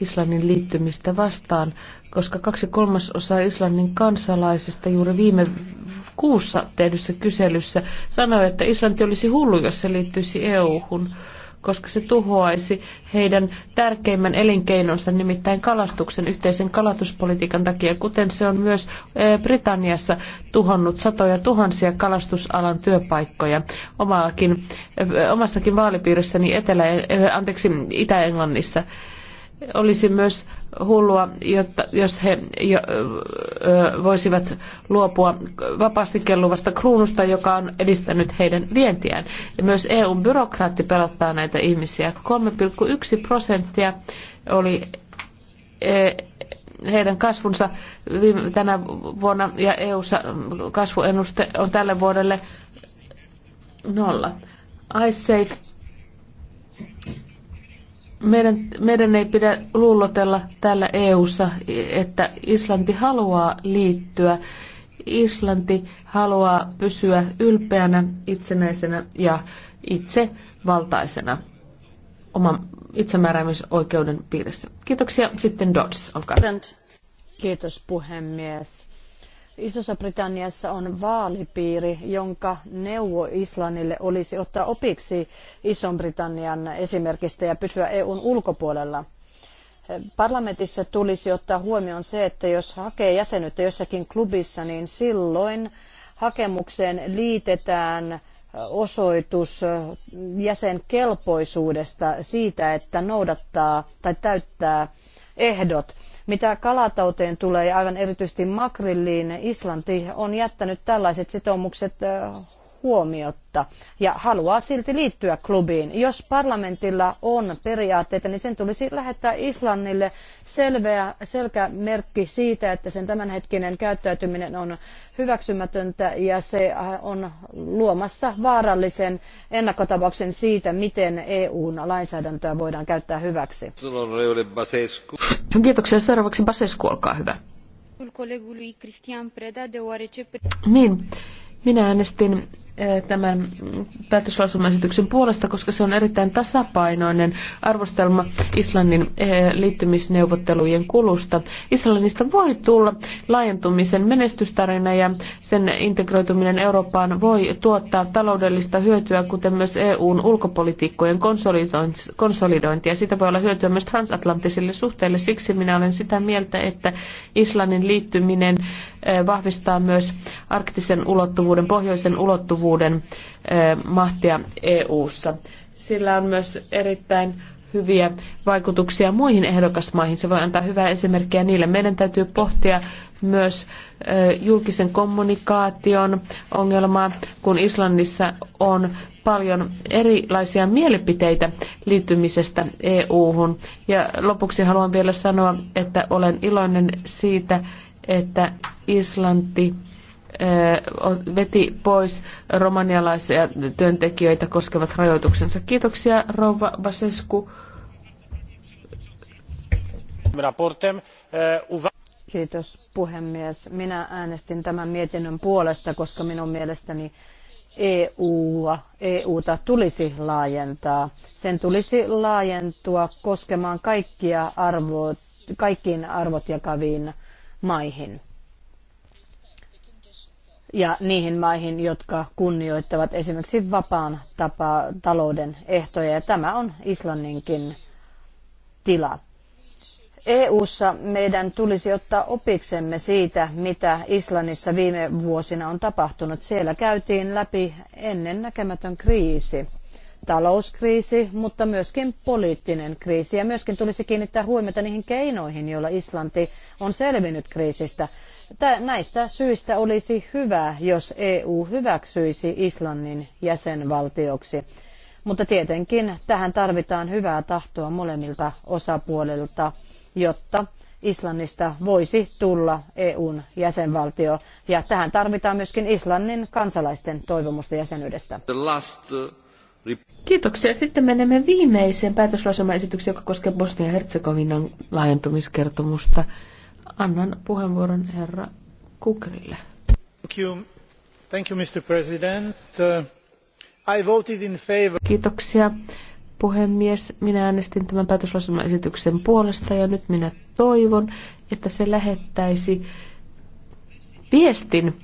Islannin liittymistä vastaan, koska kaksi kolmasosaa Islannin kansalaisista juuri viime kuussa tehdyssä kyselyssä sanoi, että Islanti olisi hullu, jos se liittyisi EU-hun koska se tuhoaisi heidän tärkeimmän elinkeinonsa, nimittäin kalastuksen yhteisen kalastuspolitiikan takia, kuten se on myös eh, Britanniassa tuhonnut satoja tuhansia kalastusalan työpaikkoja. Omaakin eh, omassakin vaalipiirissäni Etelä, eh, anteeksi, Itä-Englannissa olisi myös hullua, jotta, jos he jo, ö, voisivat luopua vapaasti kelluvasta kruunusta, joka on edistänyt heidän vientiään. Ja myös EUn byrokraatti pelottaa näitä ihmisiä. 3,1 prosenttia oli e, heidän kasvunsa viime, tänä vuonna ja EUssa kasvuennuste on tälle vuodelle nolla. safe meidän, meidän ei pidä luulotella täällä EU:ssa, että Islanti haluaa liittyä. Islanti haluaa pysyä ylpeänä, itsenäisenä ja itsevaltaisena oman itsemääräämisoikeuden piirissä. Kiitoksia. Sitten Dodds, olkaa Kiitos puhemies Isossa Britanniassa on vaalipiiri, jonka neuvo Islannille olisi ottaa opiksi Ison-Britannian esimerkistä ja pysyä EUn ulkopuolella. Parlamentissa tulisi ottaa huomioon se, että jos hakee jäsenyyttä jossakin klubissa, niin silloin hakemukseen liitetään osoitus jäsenkelpoisuudesta siitä, että noudattaa tai täyttää ehdot. Mitä kalatauteen tulee, ja aivan erityisesti makrilliin, Islanti on jättänyt tällaiset sitoumukset huomiotta ja haluaa silti liittyä klubiin. Jos parlamentilla on periaatteita, niin sen tulisi lähettää Islannille selveä, selkä merkki siitä, että sen tämänhetkinen käyttäytyminen on hyväksymätöntä ja se on luomassa vaarallisen ennakkotapauksen siitä, miten EUn lainsäädäntöä voidaan käyttää hyväksi. Kiitoksia. Seuraavaksi Basescu, olkaa hyvä. Niin, minä äänestin Eh, tämän päätöslausumaesityksen puolesta, koska se on erittäin tasapainoinen arvostelma Islannin eh, liittymisneuvottelujen kulusta. Islannista voi tulla laajentumisen menestystarina ja sen integroituminen Eurooppaan voi tuottaa taloudellista hyötyä, kuten myös EUn ulkopolitiikkojen konsolidointia. Sitä voi olla hyötyä myös transatlanttisille suhteille. Siksi minä olen sitä mieltä, että Islannin liittyminen eh, vahvistaa myös arktisen ulottuvuuden, pohjoisen ulottuvuuden vaikuttavuuden mahtia EU:ssa. Sillä on myös erittäin hyviä vaikutuksia muihin ehdokasmaihin. Se voi antaa hyvää esimerkkiä niille. Meidän täytyy pohtia myös julkisen kommunikaation ongelmaa, kun Islannissa on paljon erilaisia mielipiteitä liittymisestä EU-hun. Ja lopuksi haluan vielä sanoa, että olen iloinen siitä, että Islanti veti pois romanialaisia työntekijöitä koskevat rajoituksensa. Kiitoksia rouva Basescu. Kiitos puhemies. Minä äänestin tämän mietinnön puolesta, koska minun mielestäni EU: EUta tulisi laajentaa. Sen tulisi laajentua koskemaan kaikkia arvot, kaikkiin arvot jakaviin maihin ja niihin maihin, jotka kunnioittavat esimerkiksi vapaan tapa, talouden ehtoja. Ja tämä on Islanninkin tila. EU:ssa meidän tulisi ottaa opiksemme siitä, mitä Islannissa viime vuosina on tapahtunut. Siellä käytiin läpi ennen näkemätön kriisi talouskriisi, mutta myöskin poliittinen kriisi. Ja myöskin tulisi kiinnittää huomiota niihin keinoihin, joilla Islanti on selvinnyt kriisistä. Näistä syistä olisi hyvä, jos EU hyväksyisi Islannin jäsenvaltioksi. Mutta tietenkin tähän tarvitaan hyvää tahtoa molemmilta osapuolilta, jotta Islannista voisi tulla EUn jäsenvaltio. Ja tähän tarvitaan myöskin Islannin kansalaisten toivomusta jäsenyydestä. The last, uh... Kiitoksia. Sitten menemme viimeiseen päätöslausumaesitykseen, joka koskee Bosnia ja Herzegovinan laajentumiskertomusta. Annan puheenvuoron herra Kukrille. Thank you. Thank you, Mr. President. Uh, I voted in favor. Kiitoksia puhemies. Minä äänestin tämän päätöslausumaesityksen puolesta ja nyt minä toivon, että se lähettäisi viestin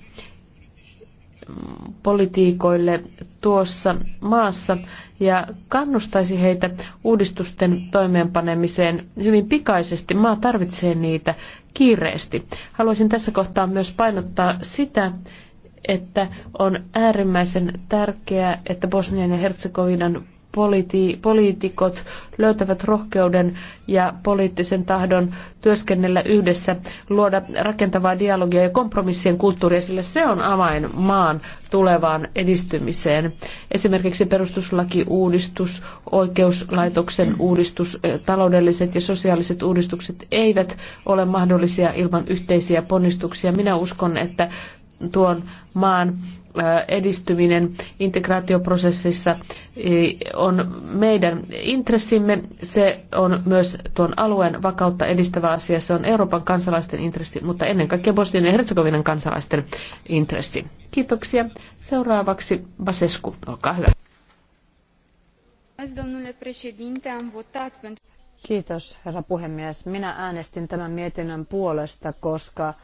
politiikoille tuossa maassa ja kannustaisi heitä uudistusten toimeenpanemiseen hyvin pikaisesti. Maa tarvitsee niitä kiireesti. Haluaisin tässä kohtaa myös painottaa sitä, että on äärimmäisen tärkeää, että Bosnian ja Herzegovinan politi- poliitikot löytävät rohkeuden ja poliittisen tahdon työskennellä yhdessä, luoda rakentavaa dialogia ja kompromissien kulttuuria, sillä se on avain maan tulevaan edistymiseen. Esimerkiksi perustuslakiuudistus, oikeuslaitoksen uudistus, eh, taloudelliset ja sosiaaliset uudistukset eivät ole mahdollisia ilman yhteisiä ponnistuksia. Minä uskon, että tuon maan edistyminen integraatioprosessissa e, on meidän intressimme. Se on myös tuon alueen vakautta edistävä asia. Se on Euroopan kansalaisten intressi, mutta ennen kaikkea Bosnian ja Herzegovinan kansalaisten intressi. Kiitoksia. Seuraavaksi Basescu, olkaa hyvä. Kiitos, herra puhemies. Minä äänestin tämän mietinnön puolesta, koska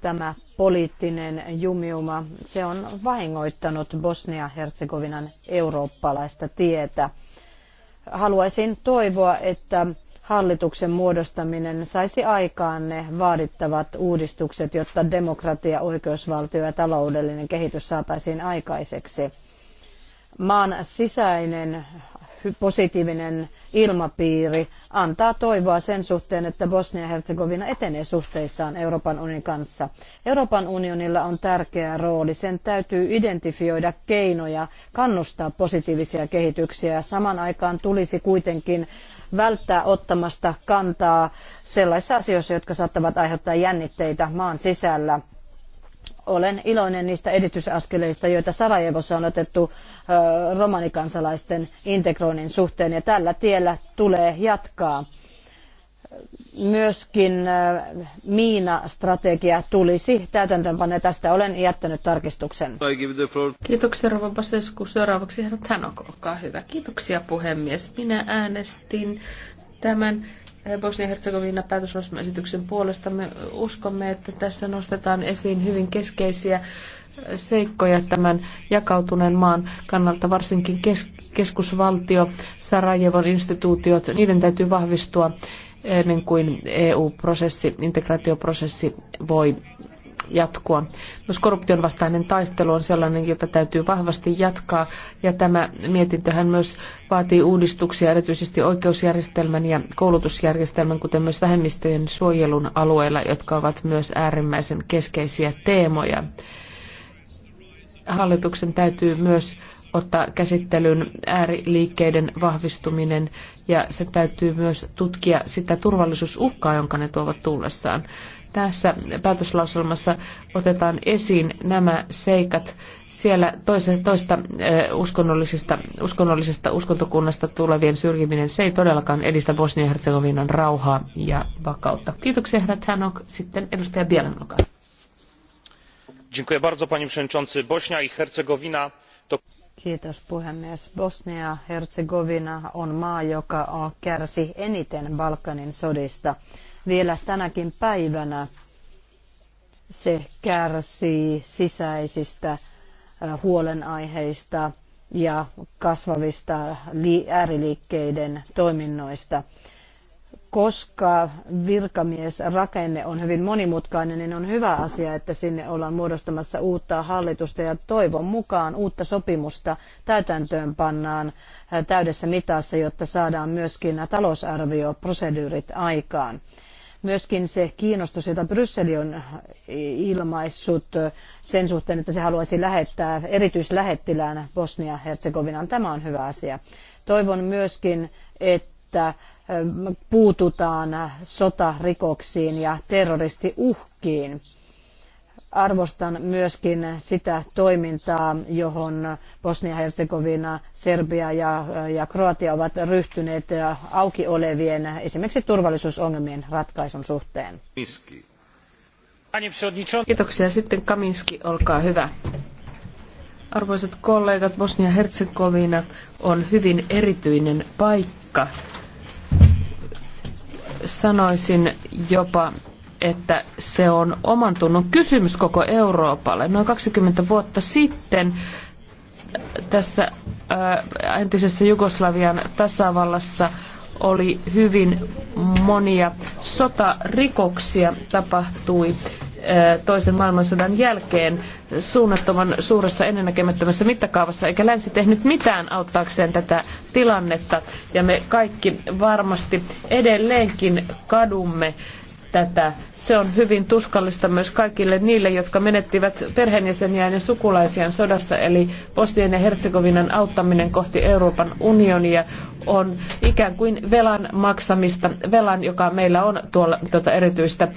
tämä poliittinen jumiuma, se on vahingoittanut Bosnia-Herzegovinan eurooppalaista tietä. Haluaisin toivoa, että hallituksen muodostaminen saisi aikaan ne vaadittavat uudistukset, jotta demokratia, oikeusvaltio ja taloudellinen kehitys saataisiin aikaiseksi. Maan sisäinen positiivinen ilmapiiri antaa toivoa sen suhteen, että Bosnia-Herzegovina etenee suhteissaan Euroopan unionin kanssa. Euroopan unionilla on tärkeä rooli. Sen täytyy identifioida keinoja kannustaa positiivisia kehityksiä. Saman aikaan tulisi kuitenkin välttää ottamasta kantaa sellaisissa asioissa, jotka saattavat aiheuttaa jännitteitä maan sisällä olen iloinen niistä edistysaskeleista, joita Sarajevossa on otettu romanikansalaisten integroinnin suhteen ja tällä tiellä tulee jatkaa. Myöskin Miina-strategia tulisi täytäntöönpanne. Tästä olen jättänyt tarkistuksen. Kiitoksia Rova Basescu. Seuraavaksi herra Tanok, olkaa hyvä. Kiitoksia puhemies. Minä äänestin tämän Bosnia-Herzegovina esityksen puolesta. Me uskomme, että tässä nostetaan esiin hyvin keskeisiä seikkoja tämän jakautuneen maan kannalta, varsinkin kes- keskusvaltio, Sarajevon instituutiot, niiden täytyy vahvistua ennen kuin EU-prosessi, integraatioprosessi voi jatkua. Myös korruption vastainen taistelu on sellainen, jota täytyy vahvasti jatkaa, ja tämä mietintöhän myös vaatii uudistuksia erityisesti oikeusjärjestelmän ja koulutusjärjestelmän, kuten myös vähemmistöjen suojelun alueilla, jotka ovat myös äärimmäisen keskeisiä teemoja. Hallituksen täytyy myös ottaa käsittelyn ääriliikkeiden vahvistuminen ja se täytyy myös tutkia sitä turvallisuusuhkaa, jonka ne tuovat tullessaan. Tässä päätöslauselmassa otetaan esiin nämä seikat. Siellä toise, toista uskonnollisesta, uskonnollisesta uskontokunnasta tulevien syrjiminen, se ei todellakaan edistä Bosnia-Herzegovinan rauhaa ja vakautta. Kiitoksia, herra Tanok. Sitten edustaja Bielan, olkaa. Dziękuję bardzo, panie przewodniczący. Bosnia i Hercegowina to... Kiitos puhemies. Bosnia-Herzegovina on maa, joka kärsi eniten Balkanin sodista vielä tänäkin päivänä se kärsii sisäisistä äh, huolenaiheista ja kasvavista ääriliikkeiden toiminnoista. Koska virkamiesrakenne on hyvin monimutkainen, niin on hyvä asia, että sinne ollaan muodostamassa uutta hallitusta ja toivon mukaan uutta sopimusta täytäntöön pannaan äh, täydessä mitassa, jotta saadaan myöskin talousarvioproseduurit aikaan myöskin se kiinnostus, jota Brysseli on ilmaissut sen suhteen, että se haluaisi lähettää erityislähettilään Bosnia-Herzegovinaan. Tämä on hyvä asia. Toivon myöskin, että puututaan sotarikoksiin ja terroristiuhkiin arvostan myöskin sitä toimintaa, johon Bosnia-Herzegovina, Serbia ja, ja Kroatia ovat ryhtyneet auki olevien esimerkiksi turvallisuusongelmien ratkaisun suhteen. Kiitoksia. Sitten Kaminski, olkaa hyvä. Arvoisat kollegat, Bosnia-Herzegovina on hyvin erityinen paikka. Sanoisin jopa, että se on oman tunnon kysymys koko Euroopalle. Noin 20 vuotta sitten tässä ää, äh, entisessä Jugoslavian tasavallassa oli hyvin monia sotarikoksia tapahtui äh, toisen maailmansodan jälkeen suunnattoman suuressa ennennäkemättömässä mittakaavassa, eikä länsi tehnyt mitään auttaakseen tätä tilannetta. Ja me kaikki varmasti edelleenkin kadumme tätä. Se on hyvin tuskallista myös kaikille niille, jotka menettivät perheenjäseniään ja sukulaisiaan sodassa, eli Bosnian ja Herzegovinan auttaminen kohti Euroopan unionia on ikään kuin velan maksamista, velan, joka meillä on tuolla tuota erityistä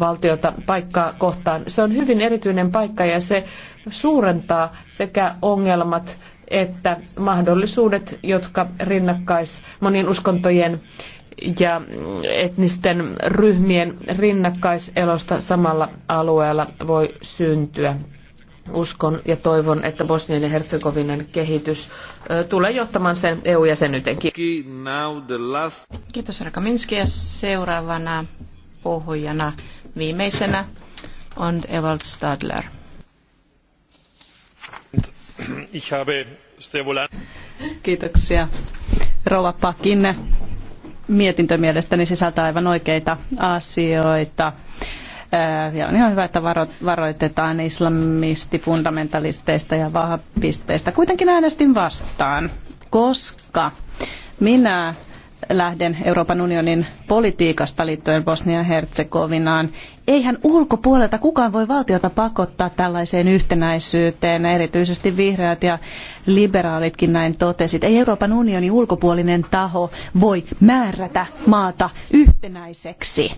valtiota paikkaa kohtaan. Se on hyvin erityinen paikka ja se suurentaa sekä ongelmat että mahdollisuudet, jotka rinnakkais monien uskontojen ja etnisten ryhmien rinnakkaiselosta samalla alueella voi syntyä. Uskon ja toivon, että Bosnian ja Herzegovinan kehitys tulee johtamaan sen EU-jäsenyytenkin. Kiitos Rakaminski ja seuraavana puhujana viimeisenä on Evald Stadler. Kiitoksia. Rova Pakinne mietintö mielestäni sisältää aivan oikeita asioita. Ja on ihan hyvä, että varoitetaan islamistifundamentalisteista ja vahvisteista. Kuitenkin äänestin vastaan, koska minä lähden Euroopan unionin politiikasta liittyen Bosnia-Herzegovinaan eihän ulkopuolelta kukaan voi valtiota pakottaa tällaiseen yhtenäisyyteen, erityisesti vihreät ja liberaalitkin näin totesit. Ei Euroopan unionin ulkopuolinen taho voi määrätä maata yhtenäiseksi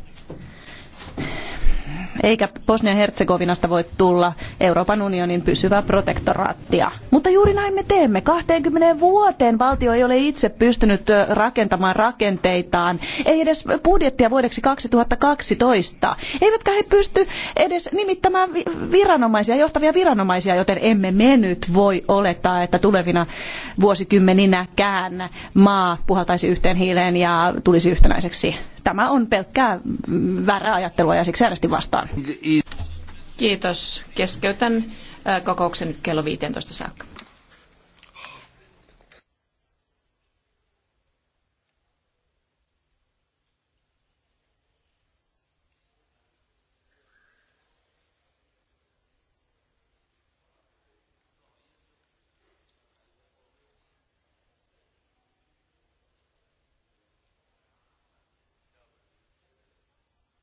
eikä Bosnia-Herzegovinasta voi tulla Euroopan unionin pysyvää protektoraattia. Mutta juuri näin me teemme. 20 vuoteen valtio ei ole itse pystynyt rakentamaan rakenteitaan, ei edes budjettia vuodeksi 2012. Eivätkä he pysty edes nimittämään viranomaisia, johtavia viranomaisia, joten emme me nyt voi olettaa, että tulevina vuosikymmeninäkään maa puhaltaisi yhteen hiileen ja tulisi yhtenäiseksi. Tämä on pelkkää mm, väärää ajattelua ja siksi äänestin vastaan. Kiitos. Keskeytän kokouksen kello 15 saakka.